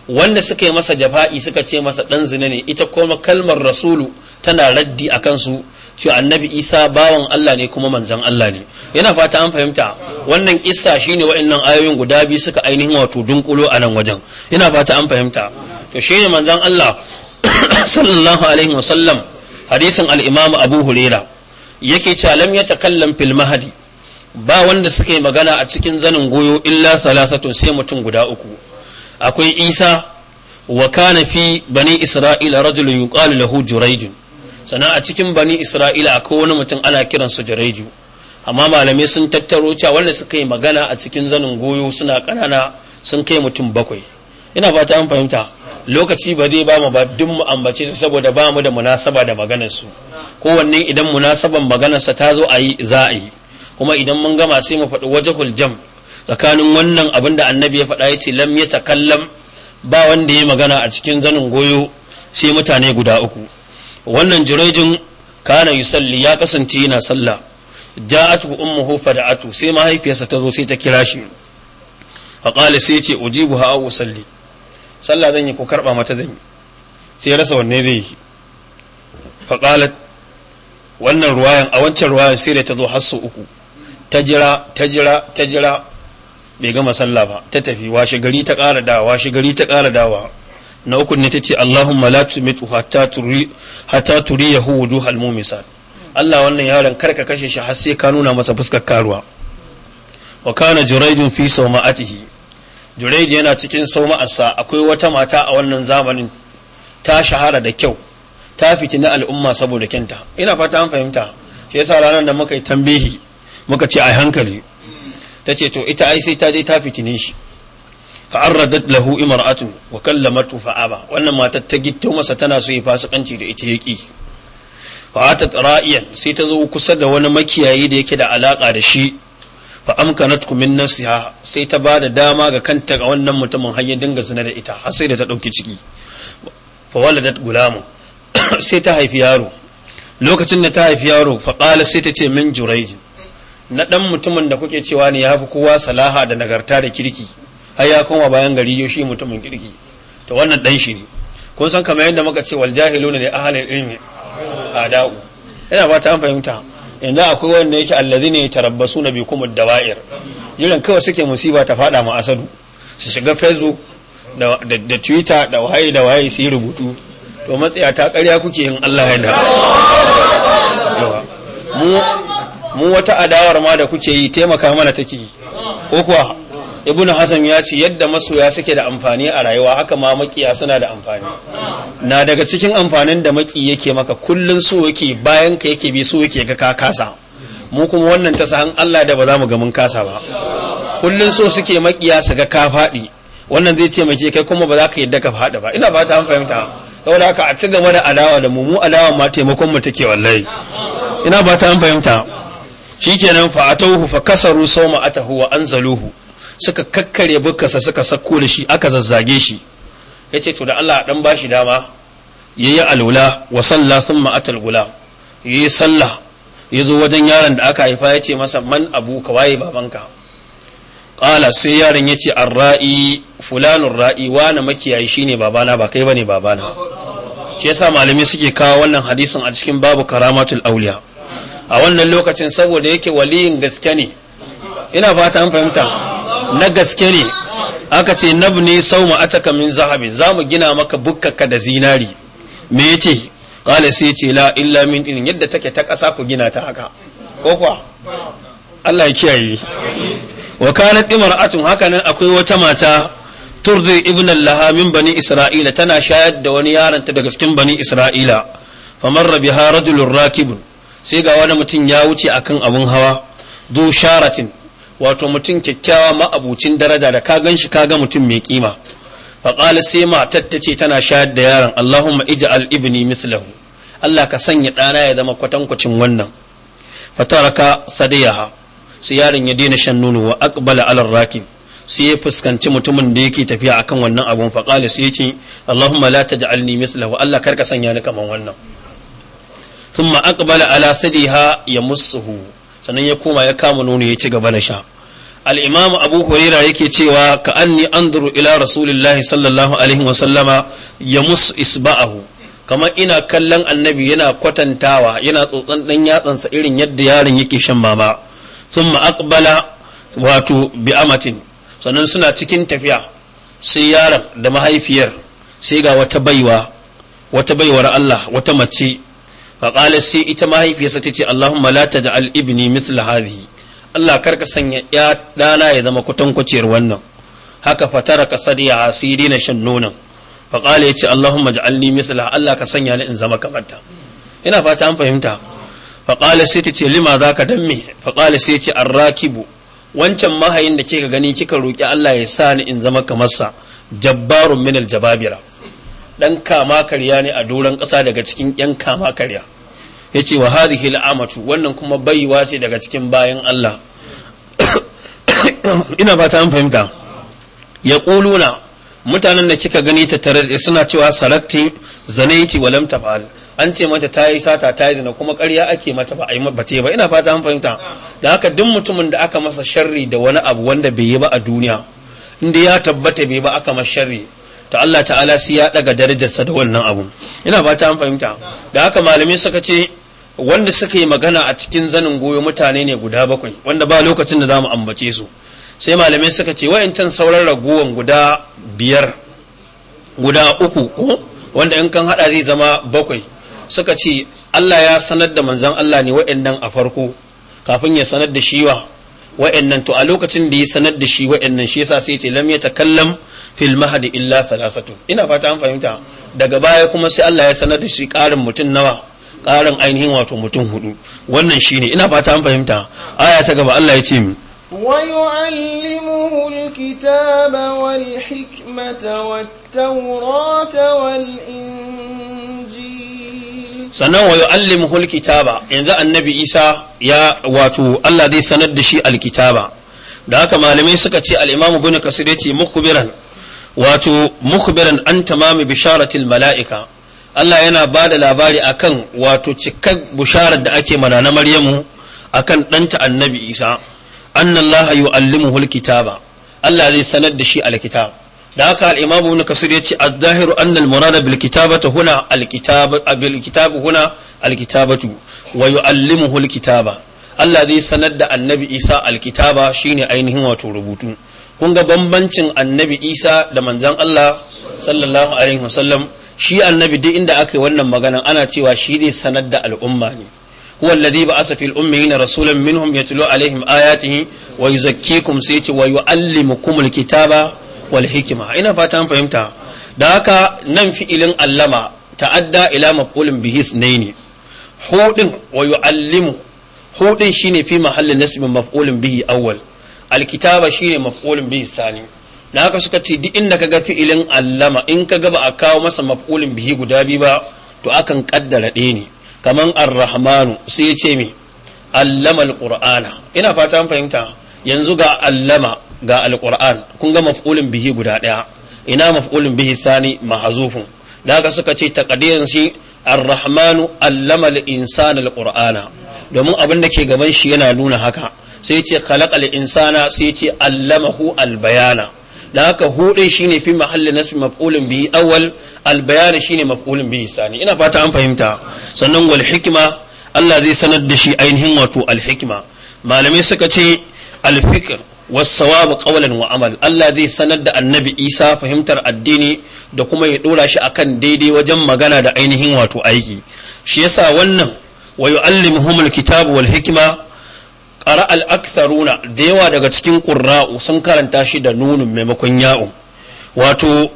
wanda suka yi masa jafa'i suka ce masa dan zina ne ita kuma kalmar rasulu tana raddi a kansu cewa annabi isa bawan Allah ne kuma manzan Allah ne yana fata an fahimta wannan kissa shine wa'annan ayoyin guda biyu suka ainihin wato dunkulo a nan wajen yana fata an fahimta to shine manzan Allah sallallahu alaihi wasallam hadisin al-imam abu huraira yake cewa lam yatakallam fil mahdi ba wanda suka yi magana a cikin zanin goyo illa salasatun sai mutum guda uku akwai isa wa kana fi bani isra'ila rajulun yuqalu lahu juraiju sannan a cikin bani isra'ila akwai wani mutum ana kiran su juraiju amma malamai sun tattaro cewa wanda suka yi magana a cikin zanin goyo suna kanana sun kai mutum bakwai ina fata an fahimta lokaci ba zai ba mu ba duk mu ambace su saboda ba mu da munasaba da maganar su kowanne idan munasaban maganarsa ta zo a yi za a yi kuma idan mun gama sai mu faɗi wajahul jam tsakanin wannan abin da annabi ya faɗa ya ce lam ya takallam ba wanda ya magana a cikin zanin goyo sai mutane guda uku wannan jirejin kana yusalli ya kasance yana sallah ja'atu ummuhu fada'atu sai mahaifiyarsa ta zo sai ta kira shi fa qala sai ce ujibu ha aw salli sallah zan yi ko karba mata zan yi sai rasa wanne zai yi fa qalat wannan ruwayan a wancan ruwayan sai da ta zo hassu uku ta jira ta jira ta jira bai gama sallah ba ta tafi washe gari ta ƙara dawa washe gari ta ƙara dawa na uku ne ta ce Allahumma la tumitu hatta turi hatta turi yahu wujuhal mumisat Allah wannan yaron kar ka kashe shi har sai ka nuna masa fuskar karuwa wa kana juraidun fi sawma'atihi juraid yana cikin sawma'arsa akwai wata mata a wannan zamanin ta shahara da kyau ta fitina al'umma saboda kyanta ina fata an fahimta shi yasa ranar da muka yi tambihi muka ce a hankali ta ce to ita ai sai ta je ta fitine shi fa'arradat lahu imra'atu wa kallamatu fa'aba wannan matar ta gitto masa tana so ya fasikanci da ita yaki fa'atat ra'iyan sai ta zo kusa da wani makiyayi da yake da alaka da shi fa amkanatku min nafsiha sai ta ba da dama ga kanta ga wannan mutumin har ya dinga zina da ita har sai da ta dauki ciki fa waladat gulamu sai ta haifi yaro lokacin da ta haifi yaro fa qala sai ta ce min jurayj na ɗan mutumin da kuke cewa ne ya fi kowa salaha da nagarta da kirki har ya koma bayan gari yau shi mutumin kirki to wannan ɗan shi ne kun san kamar yadda muka ce wal jahilu ne ahalin ilmi dau yana ba ta fahimta inda akwai wanda yake allazi ne tarabbasu na bikum dawa'ir jiran kawai suke musiba ta fada mu asadu su shiga facebook da twitter da waye da waye su yi rubutu to matsaya ta karya kuke yin Allah ya da mu wata adawar ma da kuke yi taimaka mana take yi ko kuwa ibnu hasan ya ce yadda masoya suke da amfani a rayuwa haka ma makiya suna da amfani na daga cikin amfanin da maki yake maka kullun su yake bayan ka yake bi su yake ga ka kasa mu kuma wannan ta sahan Allah da ba za mu ga mun kasa ba kullun so suke makiya su ga ka faɗi wannan zai taimake kai kuma ba za ka yadda ka faɗi ba ina ba ta fahimta saboda haka a ci gaba da adawa da mu mu adawa ma taimakon mu take wallahi ina ba ta fahimta shikenan fa atawhu fa kasaru sawma atahu wa anzaluhu suka kakkare bukkasa suka sako da shi aka zazzage shi yace to da Allah ba shi dama yayi al'ula wa salla thumma atal gula yayi sallah zo wajen yaron da aka haifa ya ce masa man abu ka waye babanka qala sai yaron yace arra'i fulanur ra'i wani makiyayi shine babana ba kai bane babana shi yasa malamai suke kawo wannan hadisin a cikin babu karamatul auliya a wannan lokacin saboda yake waliyin gaske ne ina fata an fahimta na gaske ne aka ce nabni sauma ataka min zahabin za mu gina maka bukkaka da zinari me yace qala sai ce la illa min din yadda take ta kasa ku gina ta haka ko kuwa Allah ya kiyaye wa kana imra'atun hakanan akwai wata mata turdi ibn al-laha min bani isra'ila tana shayar da wani yaron ta daga cikin bani isra'ila famarra biha rajulun rakibun sai ga wani mutum ya wuce akan abun hawa du sharatin wato mutum kyakkyawa ma'abucin daraja da ka gan shi ka ga mutum mai kima faƙala sai matar ta ce tana shayar da yaron allahumma ij'al ibni mislahu allah ka sanya ɗana ya zama kwatankwacin wannan fataraka sadiyaha sai yaron ya daina shan nono wa aqbala ala rakin sai ya fuskanci mutumin da yake tafiya akan wannan abun faƙala sai ya ce allahumma la taj'alni mislahu allah karka sanya ni kaman wannan thumma aqbala ala sadiha yamussuhu sannan ya koma ya kama nono ya ci gaba da sha al-imam abu huraira yake cewa ka anni anzuru ila rasulillahi sallallahu alaihi wa sallama yamus isba'ahu kamar ina kallon annabi yana kwatantawa yana tsotsan dan yatsansa irin yadda yaron yake shan mama Sun aqbala wato bi amatin sannan suna cikin tafiya sai yaron da mahaifiyar sai ga wata baiwa wata baiwar Allah wata mace faƙalar sai ita mahaifiyarsa ta ce Allahumma la ta ja'al ibni mithla hadhihi Allah karka sanya ya ɗana ya zama kwatankwaciyar wannan haka fatara ka sadiya asiri na shan nonon faƙala ya ce Allahumma ja'alni mithla Allah ka sanya ni in zama kamar ta ina fata an fahimta faƙala sai ta ce lima za ka dan faƙala sai ce arrakibu wancan mahayin da kika gani kika roƙi Allah ya sa ni in zama kamar sa jabbarun minal jababira dan kama karya ne a doron ƙasa daga cikin yan kama karya ya ce wa hadhihi al'amatu wannan kuma baiwa ce daga cikin bayan Allah ina ba ta fahimta ya ƙuluna mutanen da kika gani ta tare da suna cewa sarakti zanaiti walam tafal an ce mata ta yi sata ta yi zina kuma karya ake mata ba a yi ba ba ina fata an fahimta da haka duk mutumin da aka masa sharri da wani abu wanda bai yi ba a duniya inda ya tabbata bai ba aka masa sharri to Allah ta'ala sai ya daga darajarsa da wannan abun ina ba ta an fahimta da haka malamai suka ce wanda suka yi magana a cikin zanin goyo mutane ne guda bakwai wanda ba lokacin da za mu ambace su sai malamai suka ce wa'incan sauran ragowan guda biyar guda uku ko wanda in kan hada zai zama bakwai suka ce Allah ya sanar da manzon Allah ne wa'annan a farko kafin ya sanar da shi wa wa'annan to a lokacin da ya sanar da shi wa'annan shi yasa sai ce lam yatakallam fil mahdi illa salasatu ina fata an fahimta daga baya kuma sai Allah ya sanar da shi karin mutum nawa karin ainihin wato mutum hudu wannan shine ina fata an fahimta aya ta gaba Allah ya ce mi ويعلمه الكتاب والحكمة والتوراة والإنجيل سنة Sannan الكتاب إن kitaba yanzu annabi Isa ya wato Allah zai sanar da shi da haka malamai suka ce al'imamu bin kasir ya mukhbiran wato mukhbiran an tamami bisharatil mala'ika Allah yana ba da labari akan wato cikar bisharar da ake mana na Maryamu akan ɗanta annabi Isa annallaha yu'allimuhu alkitaba Allah zai sanar da shi alkitab da haka al-Imam Ibn Kasir yace ad-dahiru anna al-murada bil kitabati huna al-kitab bil kitab huna al-kitabatu wa kitaba Allah zai sanar da annabi Isa alkitaba shine ainihin wato rubutu kun ga bambancin annabi isa da manzan allah sallallahu alaihi wasallam shi annabi duk inda aka yi wannan magana ana cewa shi ne sanar da al'umma ne huwa alladhi ba'asa fil ummiyina rasulan minhum yatlu alaihim ayatihi wa yuzakkikum sai ce wa yuallimukumul ba wal hikma ina fatan fahimta da haka nan fi'ilin allama ta'adda ila maf'ulin bihis ne hudin wa yuallimu hudin shine fi mahallin nasibin maf'ulin bihi awwal alkitaba shine maf'ulun bihi sani na haka suka ce duk inda kaga fi'ilin allama in kaga ba a kawo masa maf'ulun bihi guda biyu ba to akan kaddara ɗaya ne kaman arrahmanu sai ya ce me allama alqur'ana ina fata fahimta yanzu ga allama ga alqur'an kun ga maf'ulun bihi guda ɗaya ina maf'ulun bihi sani mahzufun da haka suka ce taqdirin shi arrahmanu allama al-insana alqur'ana domin abin da ke gaban shi yana nuna haka sai ce khalaqal insana sai ce allamahu albayana da haka hude shine fi mahalli nasbi maf'ulun bihi awwal albayan shine maf'ulun bihi sani ina fata an fahimta sannan wal hikma Allah zai sanar da shi ainihin wato al hikma malamai suka ce al fikr was sawab qawlan wa amal Allah zai sanar da annabi Isa fahimtar addini da kuma ya dora shi akan daidai wajen magana da ainihin wato aiki shi yasa wannan wa yu'allimuhumul kitabu wal hikma ara al da yawa daga cikin qurra'u sun karanta shi da nunun maimakon ya'u wato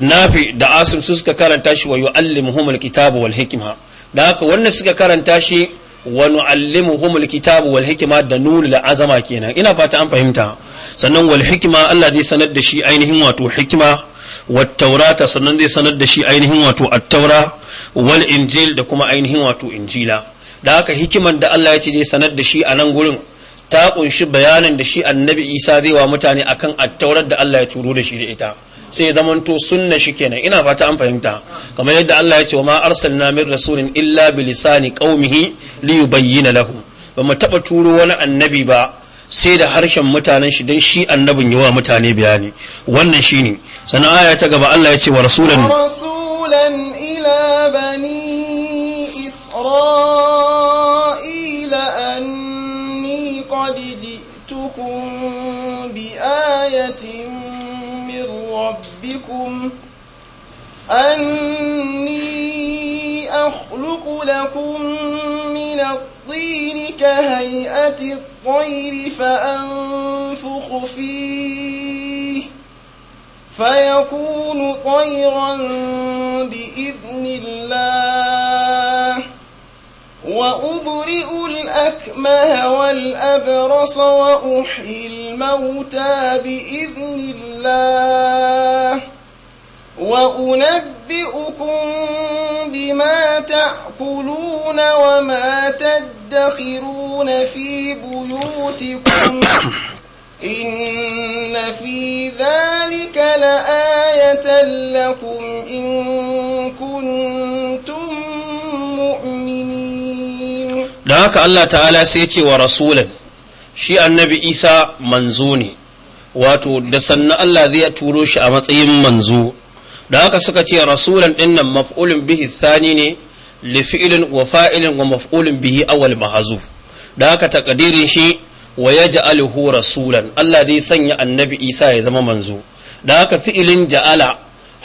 nafi da asim su suka karanta shi wa yu’allimu humul kitabu wal hikma da haka wannan suka karanta shi wa nu’allimu humul kitabu wal hikma da nunul azama kenan ina fata an fahimta sannan wal hikma Allah zai sanar da shi ainihin wato hikma wattaurata sannan zai sanar da shi ainihin wato attaura wal injil da kuma ainihin wato injila da haka hikiman da Allah ya ce zai sanar da shi a nan gurin ta kunshi bayanin da shi annabi isa zai wa mutane akan attaurar da allah ya turo da shi da ita sai zamanto sunna shi kenan ina fata an fahimta kamar yadda allah ya ce wa ma arsalna min rasulin illa bilisani qaumihi li yubayyana lahum ba mu taba turo wani annabi ba sai da harshen mutanen shi don shi annabin yawa mutane bayani wannan shine sannan aya ta gaba allah ya ce wa rasulan ربكم أني أخلق لكم من الطين كهيئة الطير فأنفخ فيه فيكون طيرا بإذن الله وأبرئ الأكمه والأبرص وأحيي الموتى بإذن الله وأنبئكم بما تأكلون وما تدخرون في بيوتكم إن في ذلك لآية لكم إن كنتم مؤمنين Da haka Allah ta'ala sai ce wa rasulan shi annabi isa manzo ne wato da sannan Allah zai turo shi a matsayin manzo da haka suka ce rasulan dinnan maf'ulun bihi thani ne li fi'lin wa fa'ilin wa maf'ulun bihi awal mahazu da haka takadirin shi wa yaj'aluhu rasulan Allah zai sanya annabi isa ya zama manzo da haka fi'ilin ja'ala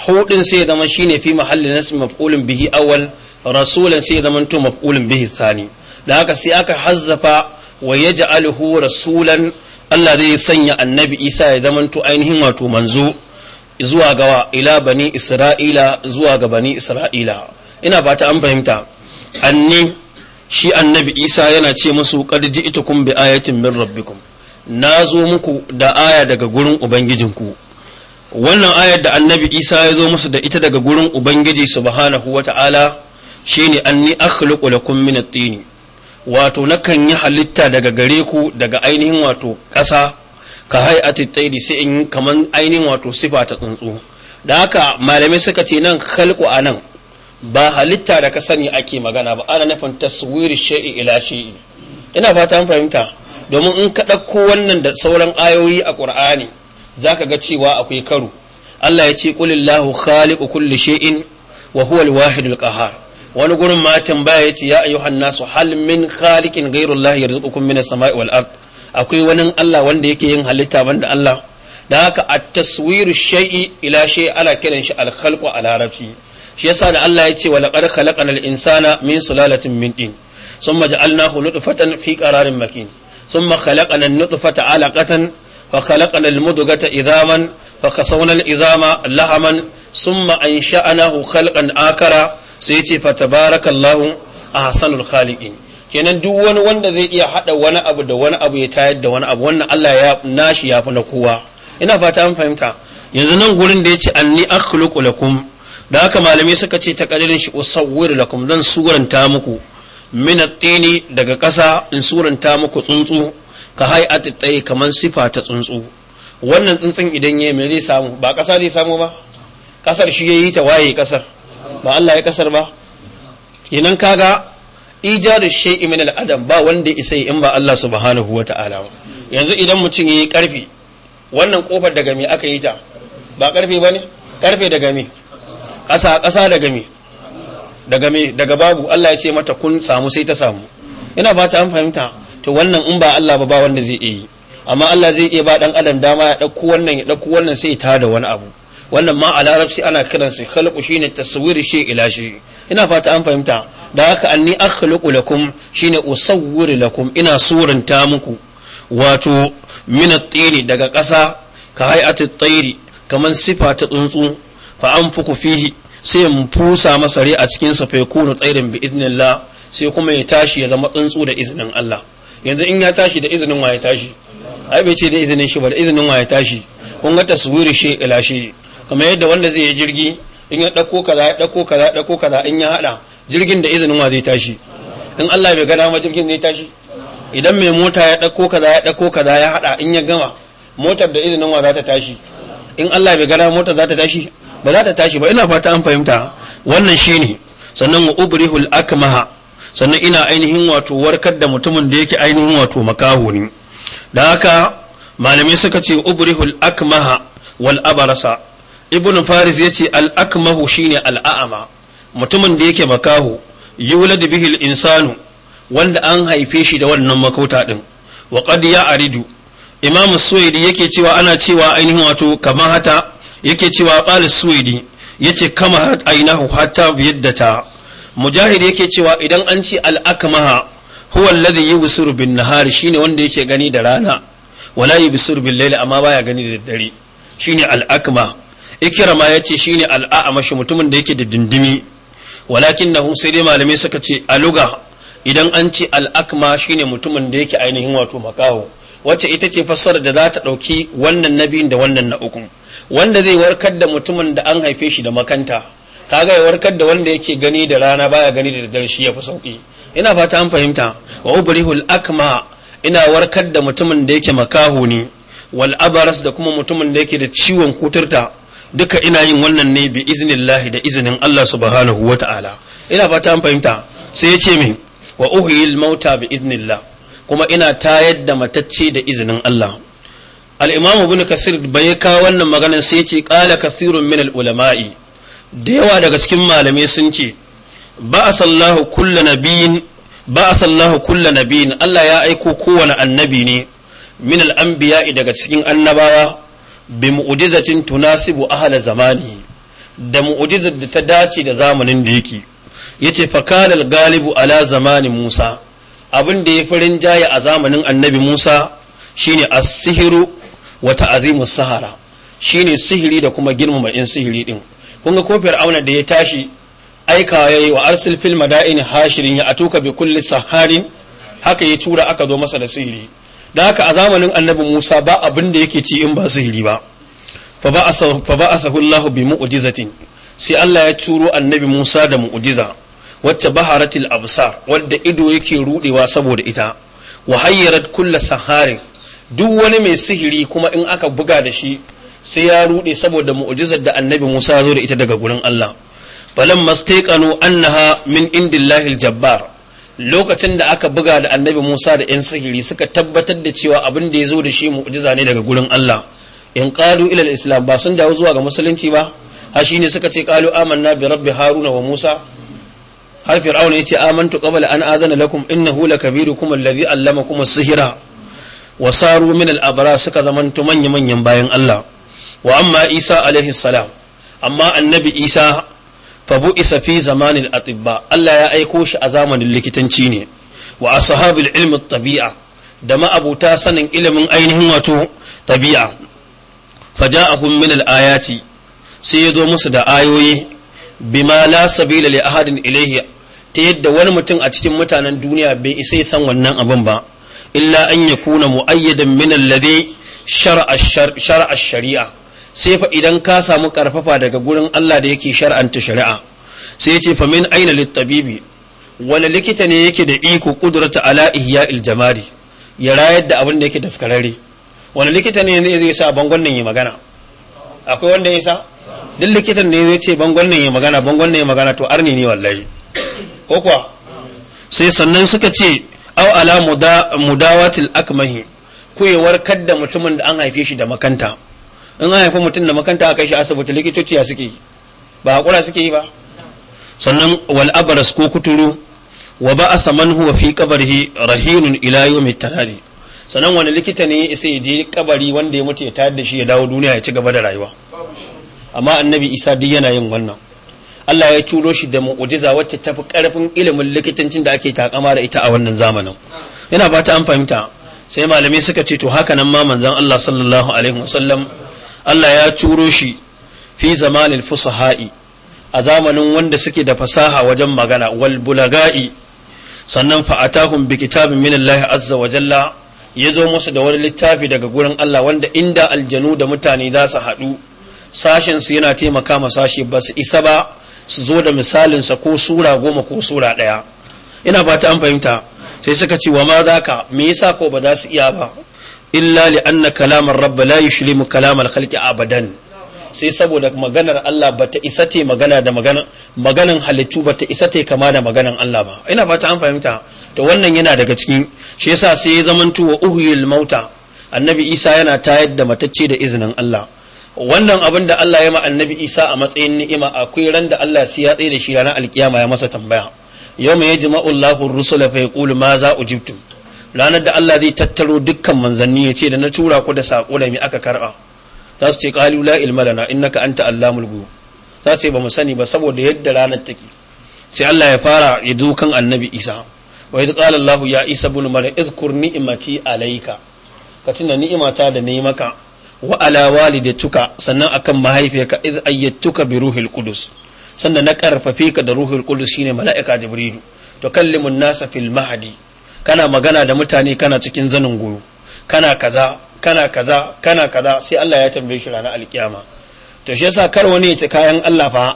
hudin sai zama shine fi mahalli nasb maf'ulun bihi awal rasulan sai zama to maf'ulun bihi thani da haka sai aka hazzafa wa al'uhu rasulan Allah zai sanya annabi Isa ya zamanto ainihin wato manzo zuwa ga ila bani Isra'ila zuwa ga bani Isra'ila ina fata an fahimta anni shi annabi Isa yana ce musu qad ji'tukum bi ayatin min rabbikum na zo muku da aya daga gurin ubangijinku wannan ayar da annabi Isa ya zo musu da ita daga gurin ubangiji subhanahu wata'ala shine anni akhluqu lakum min at wato nakan yi halitta daga gare ku daga ainihin wato ƙasa ka a tattaidi sai in kamar ainihin wato sifa ta tsuntsu da haka malamai suka ce nan kalko a nan ba halitta da ka sani ake magana ba ana nufin taswiri shai'i ila shi'i ina fata an fahimta domin in ka ɗauko wannan da sauran ayoyi a ƙur'ani za ka ga cewa akwai karu Allah ya ce kulillahu khaliqu kulli shay'in wa huwa al-wahidul qahhar wani gurin baya ya ce ya ayyuhan nasu hal min khaliqin ghayrullahi yarzuqukum minas sama'i wal ard akwai wani Allah wanda yake yin halitta banda Allah da haka a taswiru shay'i ila shay ala kiran shi al-khalqu a larabci shi yasa da Allah ya ce wa laqad khalaqnal insana min sulalatin min din thumma ja'alnahu nutfatan fi qararin makin thumma khalaqna an-nutfata 'alaqatan fa khalaqna al-mudghata idhaman fa kasawna al-idhama lahaman thumma ansha'nahu khalqan akara sai ya ce fa a hasanul khaliqin kenan duk wani wanda zai iya hada wani abu da wani abu ya tayar da wani abu wannan Allah ya nashi ya fi na kowa ina fata an fahimta yanzu nan gurin da ya ce anni akhluqu lakum da haka malamai suka ce ta kadirin shi usawwir lakum zan suranta muku min ne daga kasa in suranta muku tsuntsu ka hay'ati tsaye kamar sifa ta tsuntsu wannan tsuntsun idan ya me zai samu ba kasa zai samu ba ƙasar shi yayi ta waye kasar ba Allah ya kasar ba kenan kaga ijaru shay'in min al-adam ba wanda isa in ba Allah subhanahu wata'ala ta'ala yanzu idan mutum yayi karfi wannan kofar daga me aka yi ta ba karfe bane karfe daga me kasa kasa daga me daga me daga babu Allah ya ce mata kun samu sai ta samu ina ba ta an fahimta to wannan in ba Allah ba ba wanda zai yi amma Allah zai iya ba dan adam dama ya dauko wannan ya dauko wannan sai ya tada wani abu wannan ma a larabci ana su khalqu shine taswir shi ila shi ina fata an fahimta da haka anni akhluqu lakum shine usawwir lakum ina suranta muku wato min at-tini daga ƙasa ka hay'ati at-tayri kaman sifa ta tsuntsu fa anfuku fihi sai in fusa masa a cikin sa fa yakunu tsairin bi idnillah sai kuma ya tashi ya zama tsuntsu da izinin Allah yanzu in ya tashi da izinin wa ya tashi ai bai ce da izinin shi ba da izinin wa ya tashi kun ga taswiri shi ila shi kamar yadda wanda zai yi jirgi in ya ɗauko kaza ya ɗauko kaza ya ɗauko kaza in ya haɗa jirgin da izinin wa zai tashi in Allah bai gana ma jirgin zai tashi idan mai mota ya ɗauko kaza ya ɗauko kaza ya haɗa in ya gama motar da izinin wa za ta tashi in Allah bai gana motar za ta tashi ba za ta tashi ba ina fata an fahimta wannan shine sannan wa ubrihul akmaha sannan ina ainihin wato warkar da mutumin da yake ainihin wato makaho ne da haka malamai suka ce ubrihul akmaha wal abarasa ibn faris ya ce al'akmahu shine al'a'ama mutumin da yake makaho yulad bihil insanu wanda an haife shi da wannan makauta din wa qad ya aridu imam suwaidi yake cewa ana cewa ainihin wato kama hata yake cewa qal suwaidi yace kama ainahu hatta biyaddata mujahid yake cewa idan an ce al-akmaha huwa alladhi yubsiru bin nahari shine wanda yake gani da rana wala yubsiru bil layli amma baya gani da dare shine al-akma ikirama ya ce shine mashi mutumin da yake da dindimi walakin da sai dai malamai suka ce aluga idan an ce al'akma shine mutumin da yake ainihin wato makaho wacce ita ce fassarar da za ta ɗauki wannan na da wannan na ukun wanda zai warkar da mutumin da an haife shi da makanta kaga ya warkar da wanda yake gani da rana baya gani da daddare shi ya fi sauki ina fata an fahimta wa ubrihul akma ina warkar da mutumin da yake makaho ne wal da kuma mutumin da yake da ciwon kuturta duka ina yin wannan ne bi iznillahi da izinin Allah subhanahu wa ta'ala ina ba ta fahimta sai ya ce min wa uhyil mauta bi iznillah kuma ina tayar da matacce da izinin Allah al-imam ibn kasir bai kawo wannan magana sai ya ce qala kasirun min al-ulama'i da yawa daga cikin malamai sun ce ba sallahu kullu nabiyin ba sallahu kullu nabiyin Allah ya aiko kowane annabi ne min al-anbiya'i daga cikin annabawa bi mu'jizatin tunasibu ahla zamani da mu'jizar da ta dace da zamanin da yake yace fa kana galibu ala zamani Musa abin da ya farin jaya a zamanin annabi Musa shine as-sihru wa ta'zimu sahara shine sihiri da kuma girmama in sihiri din kun ga ko auna da ya tashi aika yayi wa arsil fil madaini hashirin ya atuka bi kulli saharin haka ya tura aka zo masa da sihiri da haka a zamanin annabi Musa ba abin da yake ci in ba sihiri ba fa ba asahu allahu bi mu'jizatin sai Allah ya turo annabi Musa da mu'jiza wacce baharatil absar wadda ido yake rudewa saboda ita wa hayyarat kulla saharin duk wani mai sihiri kuma in aka buga da shi sai ya rude saboda mu'jizar da annabi Musa ya zo da ita daga gurin Allah balan mastaqanu annaha min indillahi aljabbar lokacin da aka buga da annabi Musa da 'yan sihiri suka tabbatar da cewa abin da ya zo da shi mu'jiza ne daga gurin Allah in qalu ila islam ba sun dawo zuwa ga musulunci ba Hashi ne suka ce ƙalu amanna bi rabbi haruna wa musa har fir'auna ce amantu qabla an azana lakum innahu lakabirukum alladhi allamakum as-sihra wa saru min al-abra suka zamanta manya manyan bayan Allah wa amma isa alaihi salam amma annabi isa fa bu'isa fi zamanil atibba Allah ya aiko shi a zamanin likitanci ne wa ashabul ilmi tabi'a da ma'abuta sanin ilimin ainihin wato tabi'a faja'ahum min al-ayati sai ya zo musu da ayoyi bima la sabila li ahadin ilayhi ta yadda wani mutum a cikin mutanen duniya bai isa ya san wannan abin ba illa an yakuna mu'ayyadan min alladhi shar'a shar'a shari'a sai fa idan ka samu karfafa daga gurin Allah da yake shar'anta shari'a sai yace fa min aina littabibi wani likita ne yake da iko kudurta ala ihya'il jamari ya rayar da abin da yake daskarare wani likita ne zai sa bangon nan ya magana akwai wanda ya sa duk likitan ne zai ce bangon nan ya magana bangon nan ya magana to arni ne wallahi ko kuwa sai sannan suka ce au ala mudawatil akmahi kuyewar kadda mutumin da an haife shi da makanta in an haifi mutum da makanta a kai shi asibiti likitoci ya suke ba haƙura suke yi ba sannan wal abaras ko kuturu wa ba asa man huwa fi qabrihi rahinun ila yawmi tanadi sannan wani likita ne isa ya je kabari wanda ya mutu ya tayar da shi ya dawo duniya ya ci gaba da rayuwa amma annabi isa duk yana yin wannan Allah ya curo shi da mu'ujiza wacce ta fi karfin ilimin likitancin da ake takama da ita a wannan zamanin yana ba ta an fahimta sai malamai suka ce to haka nan ma manzon Allah sallallahu alaihi wasallam Allah ya turo shi fi zamanin fusaha'i a zamanin wanda suke da fasaha wajen magana wal bulaga'i sannan fa'atahum bi kitabin min Allah azza wa jalla ya zo musu da wani littafi daga gurin Allah wanda inda aljanu da mutane za su haɗu sashen su yana taimaka ma sashe ba su isa ba su zo da misalin sa ko sura goma ko sura ɗaya ina ba ta an fahimta sai suka ce wa ma za ka me yasa ko ba za su iya ba illa li anna kalamar rabba la yushlimu kalamal khalqi abadan sai saboda maganar Allah bata isa te magana da magana maganan halittu bata isa te kama da maganan Allah ba ina fata an fahimta to wannan yana daga cikin shi yasa sai ya zamanto wa uhyil mauta annabi Isa yana tayar da matacce da izinin Allah wannan abin da Allah ya ma annabi Isa a matsayin ni'ima akwai ran da Allah sai ya tsaye da shi ranar alkiyama ya masa tambaya yawma yajma'u Allahu ar-rusula fa yaqulu ma za ujibtum ranar da Allah zai tattaro dukkan manzanni ya ce da na tura ku da sako da mi aka karɓa za su ce qalu la ilma lana innaka anta allamul ghuyub za su ce ba mu sani ba saboda yadda ranar take sai Allah ya fara ya kan annabi Isa wa idh qala Allah ya Isa ibn Maryam idhkur ni'mati alayka ka tuna ni'imata da nayi maka wa ala walidatuka sannan akan mahaifiyarka idh ayyatuka bi ruhil qudus sannan na karfafe ka da ruhul qudus shine mala'ika jibrilu tukallimun nasa fil mahdi kana magana da mutane kana cikin zanin goyo kana kaza kana kaza kana kaza sai Allah ya tambaye shi ranar alkiyama to shi yasa kar wani ya ci kayan Allah fa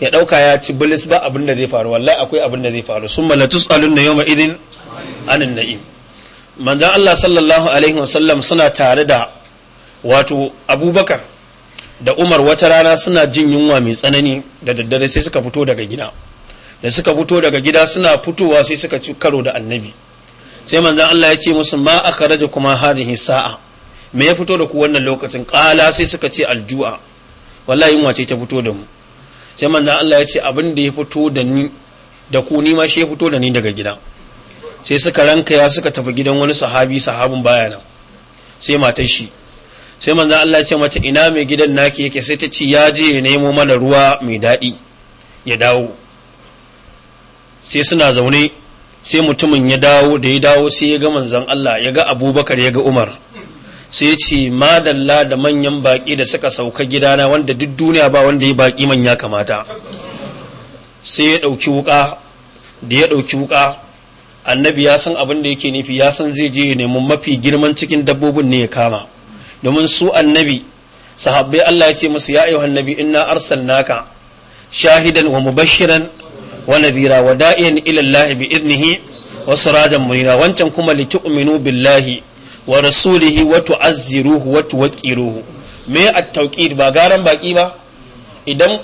ya dauka ya ci bilis ba abin da zai faru wallahi akwai abin da zai faru summa la na yawma idin anan na'im manzon Allah sallallahu alaihi wasallam suna tare da wato Abubakar da Umar wata rana suna jin yunwa mai tsanani da daddare sai suka fito daga gida da suka fito daga gida suna fitowa sai suka ci karo da annabi sai manzon Allah ya ce musu ma raja kuma hadihi sa'a me ya fito da ku wannan lokacin kala sai suka ce aljua wallahi yunwa ce ta fito da mu sai manzon Allah ya ce abin da ya fito da ni da ku ni ma shi ya fito da ni daga gida sai suka ranka ya suka tafi gidan wani sahabi sahabin baya nan sai matar shi sai manzan Allah ya ce mace ina mai gidan naki yake sai ta ce ya je ya nemo mana ruwa mai daɗi ya dawo sai suna zaune sai mutumin ya dawo da ya dawo sai ya ga manzon Allah ya ga abubakar ya ga umar sai ce madalla da manyan baƙi da suka sauka gidana wanda duk duniya ba wanda ya baƙi ya kamata sai ya ɗauki wuƙa da ya ɗauki wuƙa annabi ya san abin da yake nufi ya san zai je ya nemi mafi girman cikin dabbobin ne ya kama domin su annabi sahabbai Allah ya ce musu ya ayyuhan nabi inna arsalnaka shahidan wa mubashiran ونذيرا nadira wa الله ilallahi Allah bi وانتم كما لتؤمنوا بالله wancan kuma li tu'minu billahi wa rasulihi wa tu'azziruhu wa ruhu. me a ba garan baƙi ba idan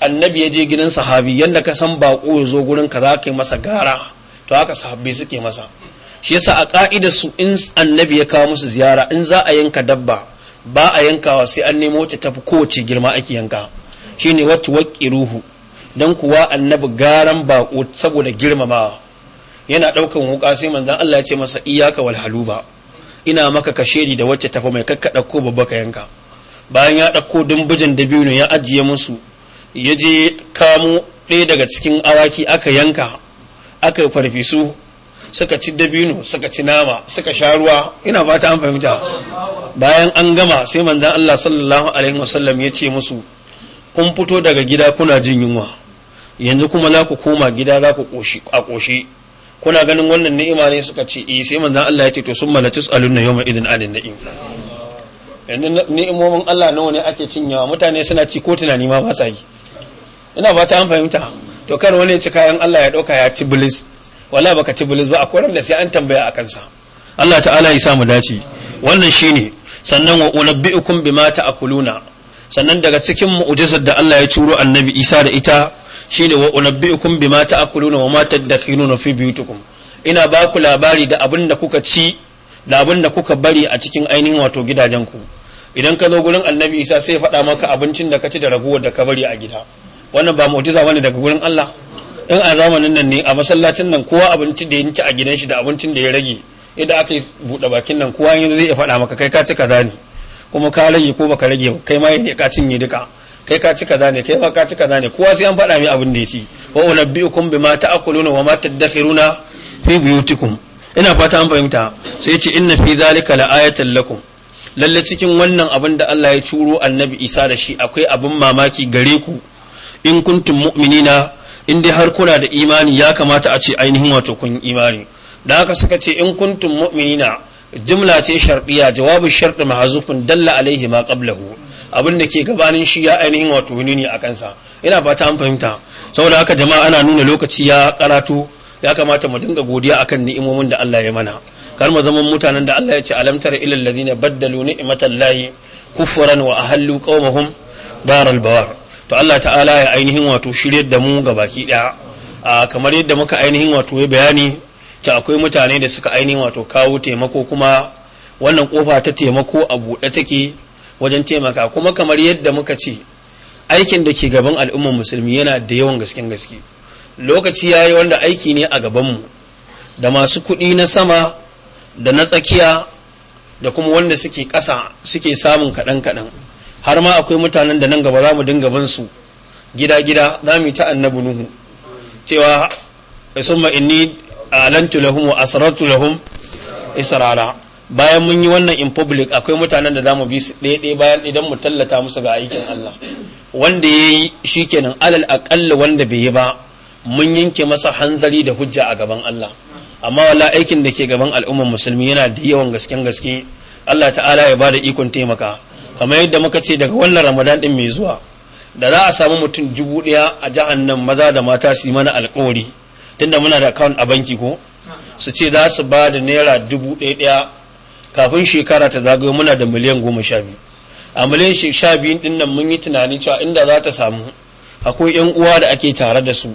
annabi ya je gidan sahabi yadda ka san baƙo ya zo gurin ka za ka yi masa gara to haka sahabi suke masa shi yasa a ƙa'ida su in annabi ya kawo musu ziyara in za a yanka dabba ba a yankawa sai an nemo ta tafi kowace girma ake yanka shine wata waƙi ruhu don kuwa annabi garan bako saboda girmama yana ɗaukan wuka sai manzon Allah ya ce masa iyaka wal haluba ina maka kashedi da wacce tafi mai kakkaɗa ko babba ka yanka bayan ya ɗauko dumbujin dabino ya ajiye musu ya je kamo ɗaya daga cikin awaki aka yanka aka farfesu suka ci dabino suka ci nama suka sha ruwa ina fata an fahimta bayan an gama sai manzon Allah sallallahu alaihi wasallam ya ce musu kun fito daga gida kuna jin yunwa yanzu kuma za ku koma gida za ku a ƙoshi kuna ganin wannan ni'ima ne suka ce eh sai manzon Allah ya ce to summa latus'alunna yawma idin alin na'im yanzu ni'imomin Allah nawa ne ake cinyawa mutane suna ci ko tunani ma ba sa yi ina ba ta an fahimta to kar wani ci kayan Allah ya dauka ya ci bilis wala baka ci bilis ba akwai ran da sai an tambaya akan sa Allah ta'ala ya sa mu dace wannan shine sannan wa mata a kuluna, sannan daga cikin mu'jizar da Allah ya turo annabi Isa da ita shine wa unabbi'ukum bima ta'kuluna wa ma tadakhiruna fi buyutikum ina ba ku labari da abin da kuka ci da abin da kuka bari a cikin ainihin wato gidajen ku idan ka zo gurin annabi isa sai faɗa maka abincin da ka ci da raguwar da ka bari a gida wannan ba mu'jiza bane daga gurin Allah in a zamanin nan ne a masallacin nan kowa abinci da ya ci a gidan shi da abincin da ya rage idan aka buɗe bakin nan kowa yanzu zai faɗa maka kai ka ci kaza ne kuma ka rage ko baka rage kai ma ya ka cinye duka kai ka ci kaza kai ba ka ci kaza ne kowa sai an faɗa mai abin da ya ci wa unabbiukum bima ta'kuluna wa ma tadakhiruna fi buyutikum ina fata an fahimta sai ce inna fi zalika la'ayatan lakum lalle cikin wannan abin da Allah ya turo annabi Isa da shi akwai abin mamaki gare ku in kuntum mu'minina in dai har kuna da imani ya kamata a ce ainihin wato kun imani da haka suka ce in kuntum mu'minina jumla ce shardiya jawabu sharɗi mahazufin dalla alaihi ma qablahu abin da ke gabanin shi ya ainihin wato ne a kansa ina fata an fahimta saboda haka jama'a ana nuna lokaci ya karatu ya kamata mu dinga godiya akan ni'imomin da Allah ya mana kar mu zama mutanen da Allah ya ce alam tara ilal ladina baddalu ni'matallahi kufran wa ahallu qaumahum daral bawar to Allah ta'ala ya ainihin wato shiryar da mu ga baki daya kamar yadda muka ainihin wato ya bayani ta akwai mutane da suka ainihin wato kawo taimako kuma wannan kofa ta taimako a buɗe take wajen taimaka kuma kamar yadda muka ce aikin da ke gaban al'ummar musulmi yana da yawan gasken gaske lokaci ya yi wanda aiki ne a gabanmu da masu kuɗi na sama da na tsakiya da kuma wanda suke ƙasa suke samun kaɗan kaɗan har ma akwai mutanen da nan gaba za mu dinga ban su gida gida za mu yi ta annabi nuhu cewa summa inni alantu lahum wa asrartu lahum bayan mun yi wannan in public akwai mutanen da za mu bi su ɗaya bayan idan mu tallata musu ga aikin Allah wanda ya yi shi kenan alal aƙalla wanda bai yi ba mun yanke masa hanzari da hujja a gaban Allah amma wala aikin da ke gaban al'ummar musulmi yana da yawan gasken gaske Allah ta'ala ya bada ikon taimaka kamar yadda muka ce daga wannan ramadan din mai zuwa da za a samu mutum dubu ɗaya a jihar nan maza da mata su yi mana alƙawari tunda muna da account a banki ko su ce za su ba da naira dubu ɗaya kafin shekara ta zagayo muna da miliyan goma sha biyu a miliyan sha biyu din nan mun yi tunanin cewa inda za ta samu akwai yan uwa da ake tare da su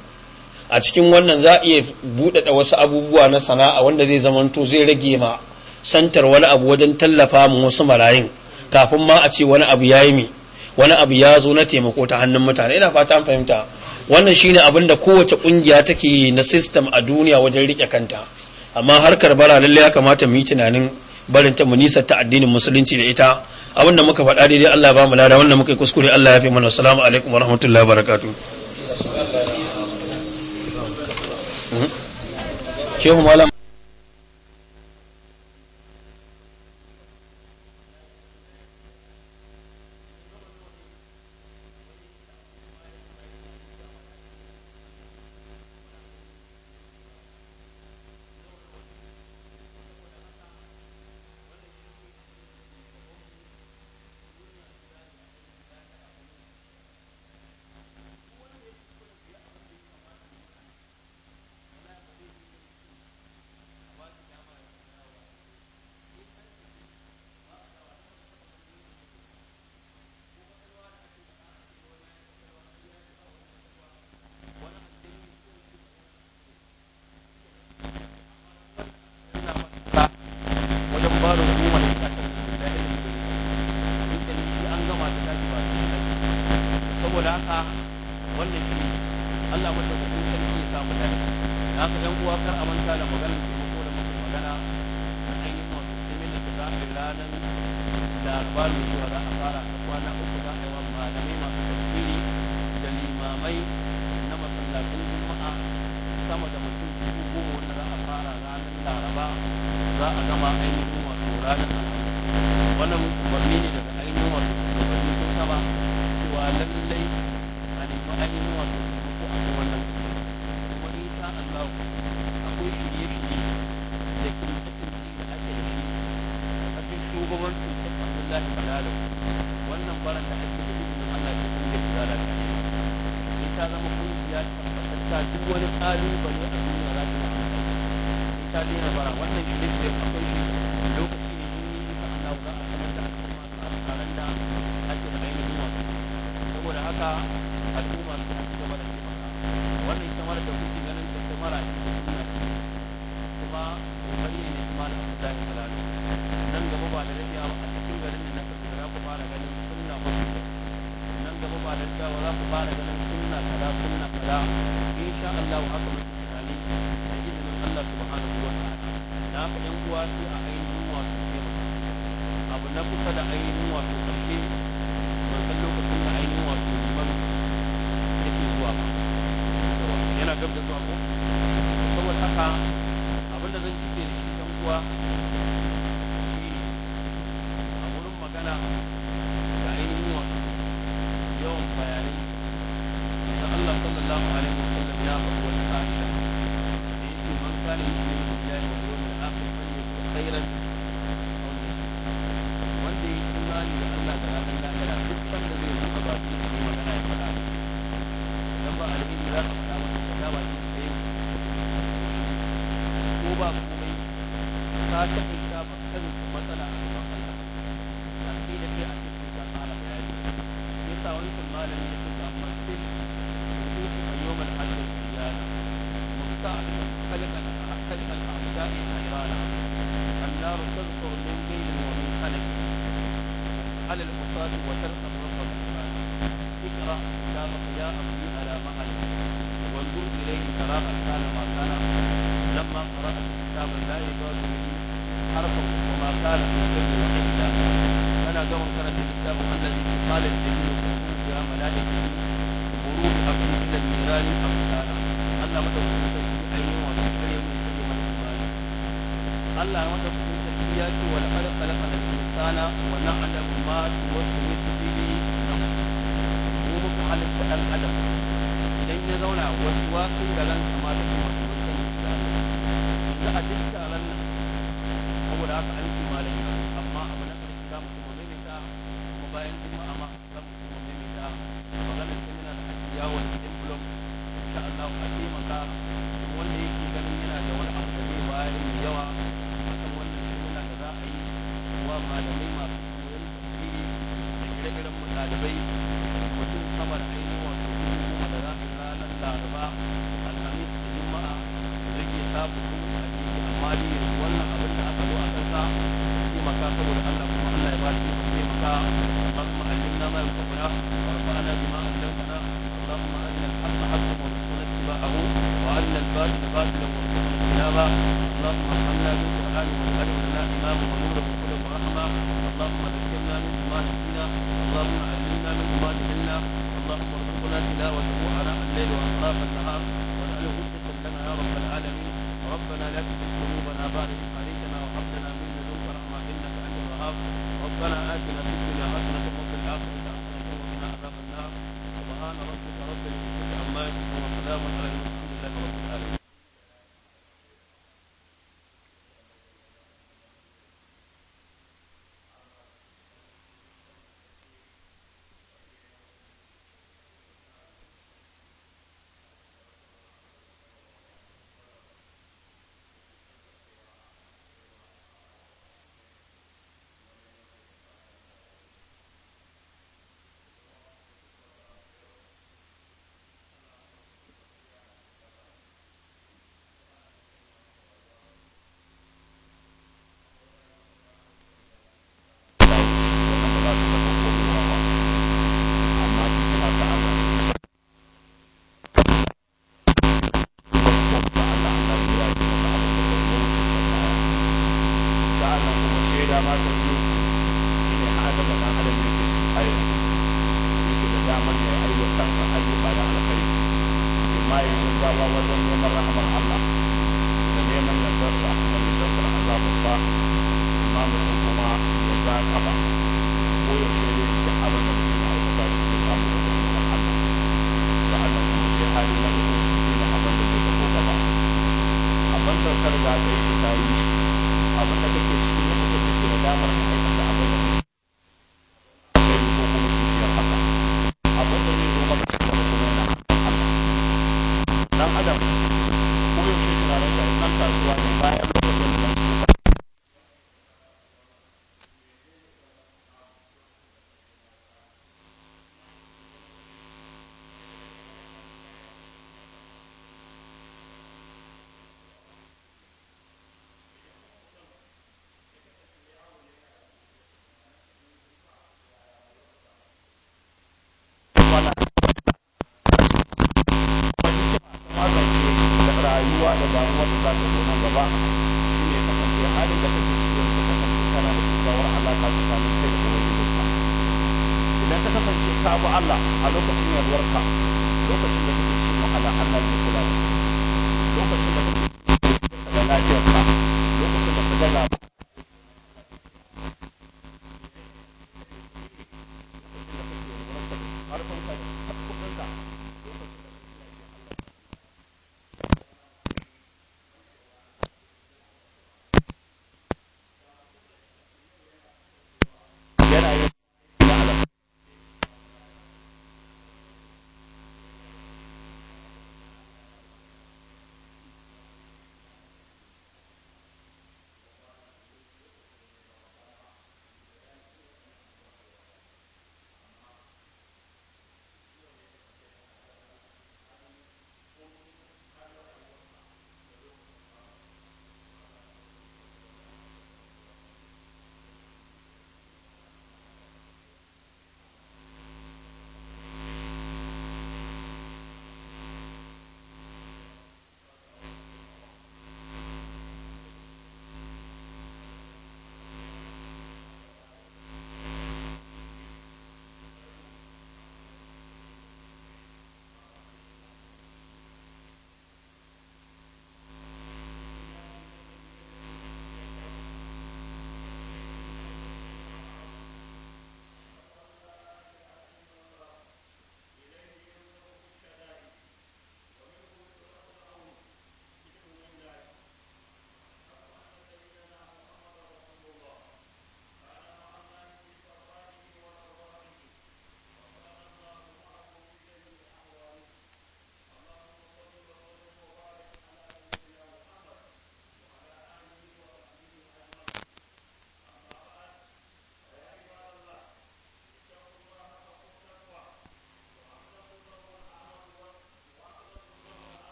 a cikin wannan za a iya buɗaɗa wasu abubuwa na sana'a wanda zai zamanto zai rage ma santar wani abu wajen tallafa mu wasu marayun kafin ma a ce wani abu ya yi wani abu ya zo na taimako ta hannun mutane ina fata an fahimta wannan shine abin da kowace kungiya take na system a duniya wajen rike kanta amma harkar bara lalle ya kamata mu yi tunanin barin ta mu ta addinin musulunci da ita abin da muka faɗa daidai Allah ba mu lada wanda muka yi kuskure Allah ya fi mana assalamu alaikum wa rahmatullahi wa malam daina bara wannan shi ne akwai shi lokaci ne in yi isa Allah za a sanar da al'umma a taron da ake da ainihin wasu saboda haka al'umma su a cigaba da taimaka wannan kyamar da kuke ganin ta kyamara ne ta suna ce kuma kokari ne kuma da abu da ya nan gaba ba da rage a cikin garin da na tafi za ku fara ganin nan gaba ba da ba za ku fara ganin sunna kaza sunna kaza insha Allah haka mutum Allah subhanahu wa ta'ala da haka yan uwa sai a ainihin wato taimaka abu na kusa da ainihin wato karshe ban san lokacin da ainihin wato liman yake zuwa ba yana gab da zuwa ko saboda haka abinda zan cike da shi yan uwa الصلاة وترقب رب الرحمن اقرأ كتابك يا أبي على محل وانظر إليه قراءة كان ما كان لما قرأت الكتاب لا يباد به حرف وما كان يسر وحدا أنا قوم كانت الكتاب الذي قال الجميل يا ملائكة مرور أبي إلى النيران أمثالا الله مدوكم سيدي أيوة وفي كلمة الإيمان الله مدوكم سيدي ياتي ولقد خلقنا الإنسان insana wa na'lamu ma tuwaswisu bihi nafsu mu muka halitta dan adam idan ya zauna wasu wasun da ransa ma kuma wasu da Allah yanzu a saboda haka an ce malamai masu koyon tafsiri da ire-iren ɗalibai mutum sama da ainihin wato kuma da za mu ranar laraba alhamis da juma'a da zai samu kuma a jiki amma dai yanzu wannan abin da aka zo a kansa taimaka saboda Allah kuma Allah ya ba da taimaka اللهم علمنا ما ينفعنا وانفعنا بما علمتنا اللهم ارنا الحق حقا وارزقنا اتباعه وارنا الباطل باطلا وارزقنا اجتنابه اللهم ارحمنا بالقران واجعله لنا اماما ونورا الأخلاق اللهم ذكرنا من ما نسينا اللهم علمنا من ما جهلنا اللهم ارزقنا تلاوته آناء الليل وأطراف النهار Allah a lokacin yalwarka lokacin da kake cikin wahala Allah zai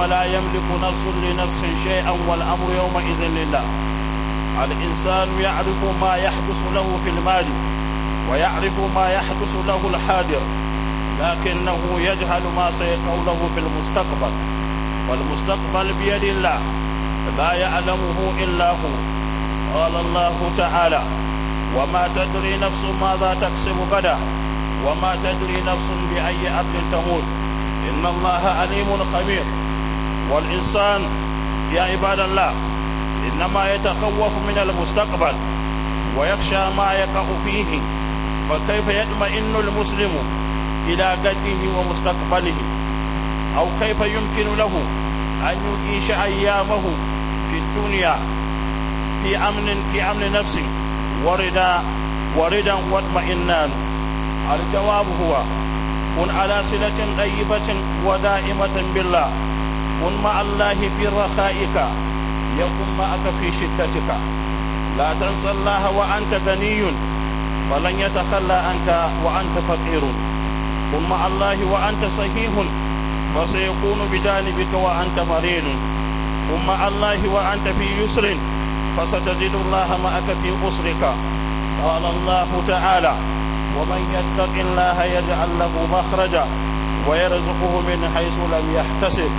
ولا يملك نفس لنفس شيئا والأمر يومئذ لله الإنسان يعرف ما يحدث له في الماضي ويعرف ما يحدث له الحاضر لكنه يجهل ما سيكون له في المستقبل والمستقبل بيد الله لا يعلمه إلا هو قال الله تعالى وما تدري نفس ماذا تكسب غدا وما تدري نفس بأي أرض تموت إن الله عليم خبير والإنسان يا عباد الله إنما يتخوف من المستقبل ويخشى ما يقع فيه فكيف يطمئن المسلم إلى قدره ومستقبله أو كيف يمكن له أن يعيش أيامه في الدنيا في أمن في أمن نفسه وردا وردا واطمئنان الجواب هو كن على صلة طيبة ودائمة بالله kun ma'allahi fi raka'ika ya kun ma'aka fi shiddatika la san sallaha wa an ta ganiyun balan ya ta kalla an ka wa ta faƙirun kun ma'allahi wa an ta sahihun ba sai ya bi janibika wa an ta marenun kun ma'allahi wa an ta fi yusrin fa satajidun laha ma'aka fi usrika قال الله تعالى ومن يتق الله يجعل له مخرجا ويرزقه من حيث لم يحتسب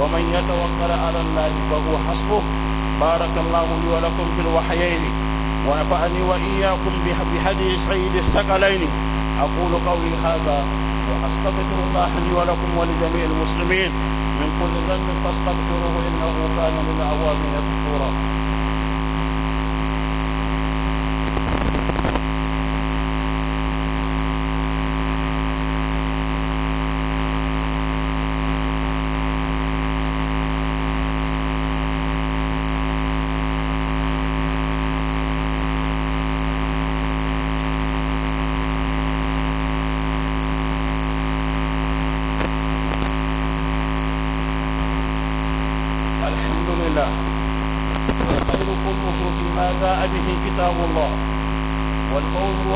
ومن يتوكل على الله فهو حسبه بارك الله لي ولكم في الوحيين ونفعني وإياكم بحديث سيد الثقلين أقول قولي هذا وأستغفر الله لي ولكم ولجميع المسلمين من كل ذنب فاستغفروه إنه كان من الأوامر غفورا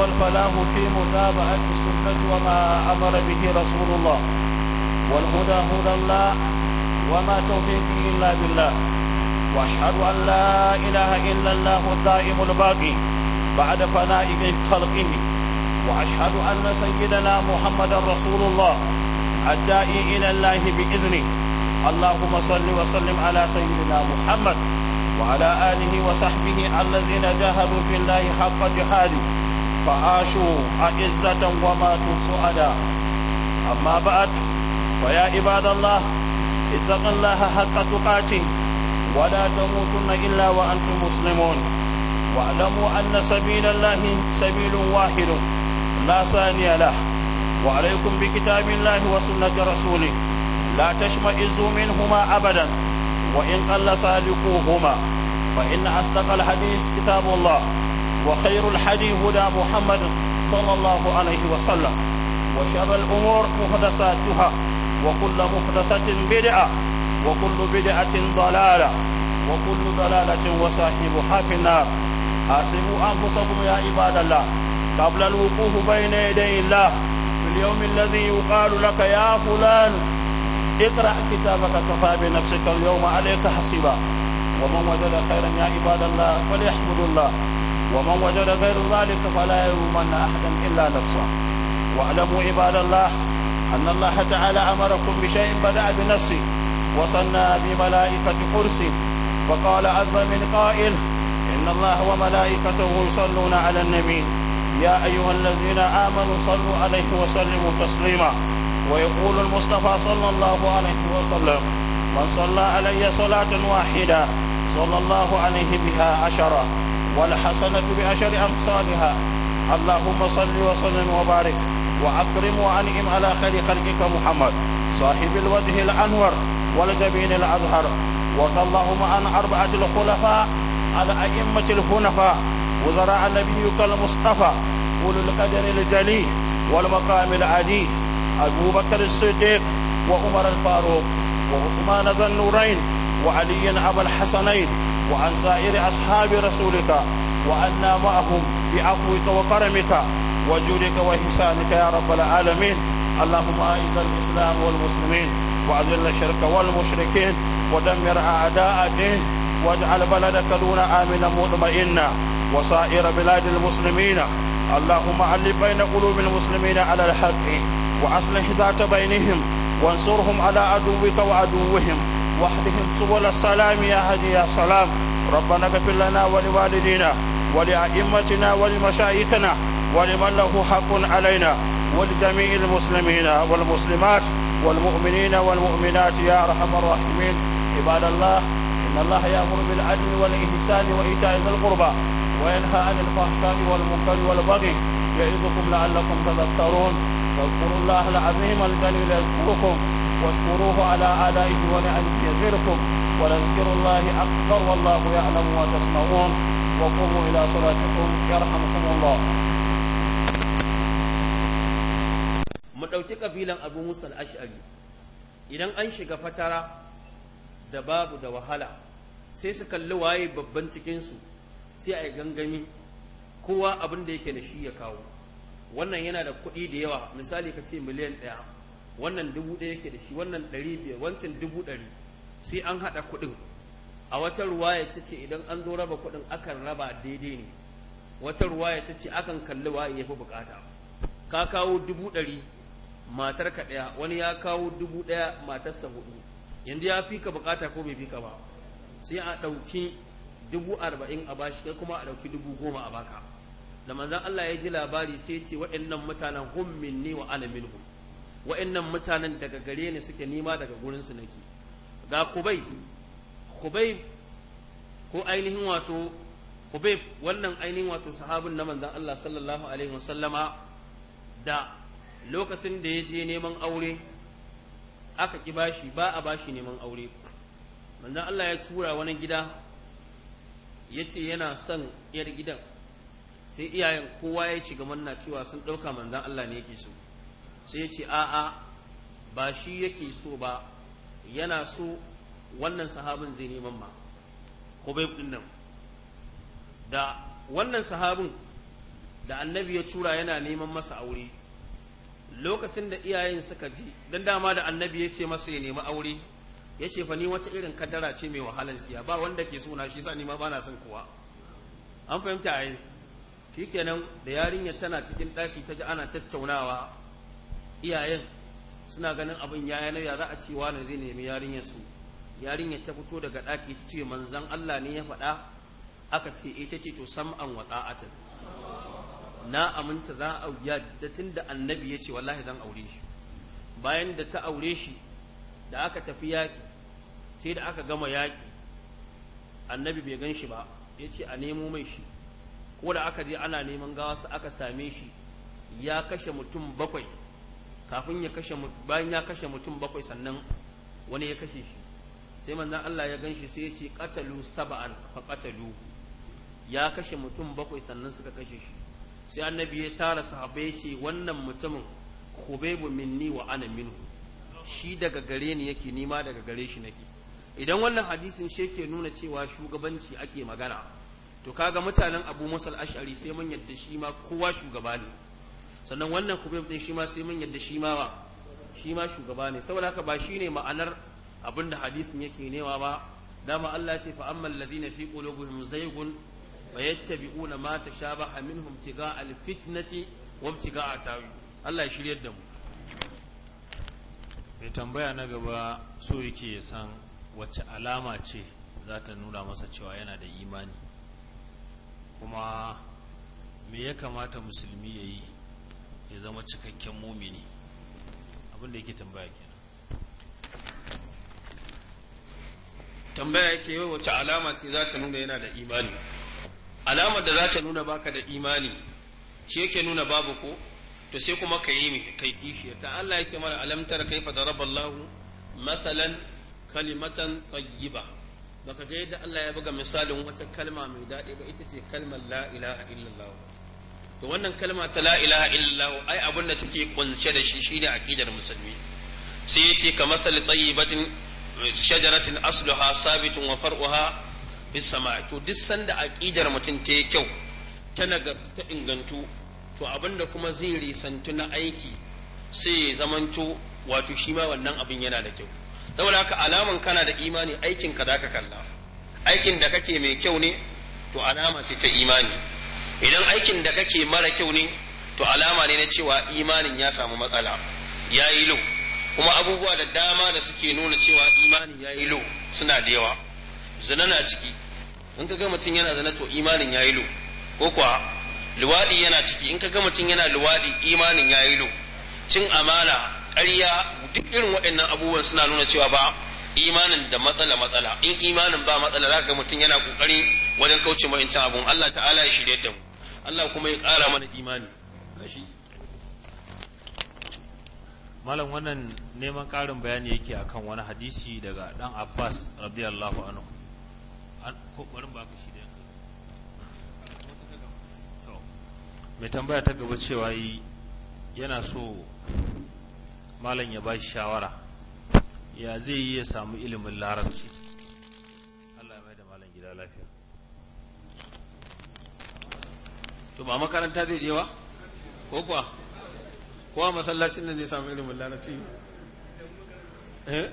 والفلاح في متابعة السنة وما أمر به رسول الله والهدى هدى الله وما توفيقي إلا بالله وأشهد أن لا إله إلا الله الدائم الباقي بعد فناء خلقه وأشهد أن سيدنا محمدا رسول الله الداعي إلى الله بإذنه اللهم صل وسلم على سيدنا محمد وعلى آله وصحبه الذين جاهدوا في الله حق جهاده ba a sho a izzatan wa matun su'ada amma ba'at wa ya ibadallah ittaqallaha haqqa tuqati wa la tamutunna illa wa antum muslimun wa alamu anna sabila allahi sabilun wahidun la saniya lah wa alaykum bi kitabillahi wa sunnati rasulih la tashma'izu minhuma abadan wa in qalla sadiquhuma fa in asdaqal hadith kitabullah وخير الحديث هدى محمد صلى الله عليه وسلم وشر الأمور محدثاتها وكل محدثة بدعة وكل بدعة ضلالة وكل ضلالة وصاحبها في النار حاسبوا أنفسكم يا عباد الله قبل الوقوف بين يدي الله في اليوم الذي يقال لك يا فلان اقرأ كتابك كفى بنفسك اليوم عليك حسبا ومن وجد خيرا يا عباد الله فليحمد الله ومن وجد غير ذلك فلا يلومن أحدا إلا نفسه واعلموا عباد الله أن الله تعالى أمركم بشيء بدأ بنفسه وصلنا بملائكة كرسي وقال عز من قائل إن الله وملائكته يصلون على النبي يا أيها الذين آمنوا صلوا عليه وسلموا تسليما ويقول المصطفى صلى الله عليه وسلم من صلى علي صلاة واحدة صلى الله عليه بها عشرة والحسنة بأشر أمثالها اللهم صل وسلم وبارك وأكرم وأنعم على خير خلقك محمد صاحب الوجه الأنور والجبين الأزهر وصلى اللهم عن أربعة الخلفاء على أئمة الحنفاء وزراء نبيك المصطفى أولو القدر الجلي والمقام العلي أبو بكر الصديق وعمر الفاروق وعثمان ذا النورين وعلي أبا الحسنين وعن سائر أصحاب رسولك وأنا معهم بعفوك وكرمك وجودك وإحسانك يا رب العالمين اللهم أعز الإسلام والمسلمين وأذل الشرك والمشركين ودمر أعداء الدين واجعل بلدك دون آمنا مطمئنا وسائر بلاد المسلمين اللهم ألف بين قلوب المسلمين على الحق وأصلح ذات بينهم وانصرهم على عدوك وعدوهم واهدهم سبل السلام يا هدي يا سلام ربنا اغفر لنا ولوالدينا ولأئمتنا ولمشايخنا ولمن له حق علينا ولجميع المسلمين والمسلمات والمؤمنين والمؤمنات يا أرحم الراحمين عباد الله إن الله يأمر بالعدل والإحسان وإيتاء ذي القربى وينهى عن الفحشاء والمنكر والبغي يعظكم لعلكم تذكرون فاذكروا الله العظيم الجليل يذكركم واشكروه على آلائه ونعمه يزدكم ولذكر الله أكبر والله يعلم وتسمعون وقوموا إلى صلاتكم يرحمكم الله mu ɗauki ƙabilan abu musa al'ash'ari idan an shiga fatara da babu da wahala sai su kalli waye babban cikinsu sai a gangami kowa abin da yake da shi ya kawo wannan yana da kuɗi da yawa misali ka ce miliyan ɗaya wannan dubu ɗaya yake da shi wannan ɗari biyar wancan dubu ɗari sai an haɗa kuɗin a wata ruwaya ta ce idan an zo raba kuɗin akan raba daidai ne wata ruwaya ta ce akan kalli wa ya fi bukata ka kawo dubu ɗari matar ka ɗaya wani ya kawo dubu ɗaya matar sa hudu yanzu ya fi ka bukata ko bai fi ka ba sai a ɗauki dubu arba'in a bashi kai kuma a ɗauki dubu goma a baka da manzan Allah ya ji labari sai ce waɗannan mutanen hummin ne wa alamin minhum wa'annan mutanen daga gare ne suke nima daga gurin su nake ga kubai kubai ko ainihin wato kubai wannan ainihin wato sahabin na manzon Allah sallallahu alaihi wasallama da lokacin da ya je neman aure aka ki bashi ba a bashi neman aure manzon Allah ya tura wani gida ya ce yana son yar gidan sai iyayen kowa ya ci gaban na cewa sun ɗauka manzan Allah ne yake so sai ya ce a'a ba shi yake so ba yana so wannan sahabin zai neman ma hubaib din nan da wannan sahabin da annabi ya tura yana neman masa aure lokacin da iyayen suka ji don dama da annabi ya ce masa ya nemi aure ya ce fa ni wata irin kaddara ce mai wahalan siya ba wanda ke suna shi sa nima ma na son kuwa an fahimta a yi shikenan da yarinyar tana cikin ɗaki ta ji ana tattaunawa iyayen suna ganin abin ya yanar ya za a ce wani zai nemi yarinyar su yarinyar ta fito daga ɗaki ta ce manzan Allah ne ya faɗa aka ce ita eh, ce to sam sam'an a can na aminta za a da tun da annabi ya ce wallahi zan aure shi bayan da ta aure shi da aka tafi yaƙi sai da aka gama yaƙi annabi bai gan shi ba ya ce a nemo mai shi ko da aka je ana neman gawa su aka same shi ya kashe mutum bakwai kafin ya kashe bayan ya kashe mutum bakwai sannan wani ya kashe shi sai manzan Allah ya ganshi sai ya ce katalu saba'an fa katalu ya kashe mutum bakwai sannan suka kashe shi sai annabi ya tara sahabbai ya ce wannan mutumin khubaybu minni wa ana minhu shi daga gare ni yake nima daga gare shi nake idan wannan hadisin shi ke nuna cewa shugabanci ake magana to kaga mutanen abu musal ash'ari sai mun yadda shi ma kowa shugaba ne sannan wannan kubeb din shi ma sai mun yadda shi ma shi ma shugaba ne saboda haka ba shi ne ma'anar abinda hadisin yake newa ba dama Allah ce fa ammal ladina fi qulubihim zaygun wa yattabi'una ma tashabaha minhum tiga alfitnati wa tiga atawi Allah ya shiryar da mu mai tambaya na gaba so yake san wace alama ce za ta nuna masa cewa yana da imani kuma me ya kamata musulmi ya yi ya zama cikakken mumini abinda yake tambaya kenan tambaya yake wace alama ce za ta nuna yana da imani alamar da za ta nuna baka da imani shi yake nuna babu ko to sai kuma ka yi kai kishi ta Allah yake mana alamtar kai fa daraballahu mathalan kalimatan tayyiba baka ga yadda Allah ya buga misalin wata kalma mai daɗi ba ita ce kalmar la ilaha illallah to wannan kalma ta la ilaha illallah ai abin da take kunshe da shi shine aqidar musulmi sai yace ka masal tayyibatin eh, shajaratin asluha sabitun wa far'uha bis sama to duk sanda aqidar mutum ta yi kyau ta ta ingantu to abin da kuma zai risantu na aiki sai ya zamanto wato shi ma wannan abin yana da kyau saboda haka alaman kana da imani aikin ka zaka kalla aikin da kake mai kyau ne to alama ce ta imani idan aikin da kake mara kyau ne to alama ne na cewa imanin ya samu matsala ya yi lo kuma abubuwa da dama da suke nuna cewa imanin ya yi lo suna da yawa zina na ciki in ka ga mutum yana zina to imanin ya yi lo ko kuwa luwaɗi yana ciki in ka ga mutum yana luwaɗi imanin ya yi lo cin amana ƙarya duk irin waɗannan abubuwan suna nuna cewa ba imanin da matsala matsala in imanin ba matsala za ka ga mutum yana ƙoƙarin wajen kauce ma'incin abun Allah ta'ala ya shirya da mu Allah kuma ya ƙara mana imani gashi malam wannan neman ƙarin bayani yake akan wani hadisi daga dan Abbas radiyallahu anhu an ko barin ba ka shi da yanka mai tambaya ta gaba cewa yi yana so malam ya ba shi shawara ya zai yi ya samu ilimin larabci to ba makaranta zai je wa ko kuwa ko a masallacin nan zai samu ilimin larabci eh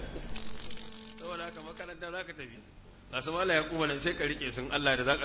saboda haka makaranta za ka tafi ga su mala ya kuma nan sai ka rike sun Allah da za ka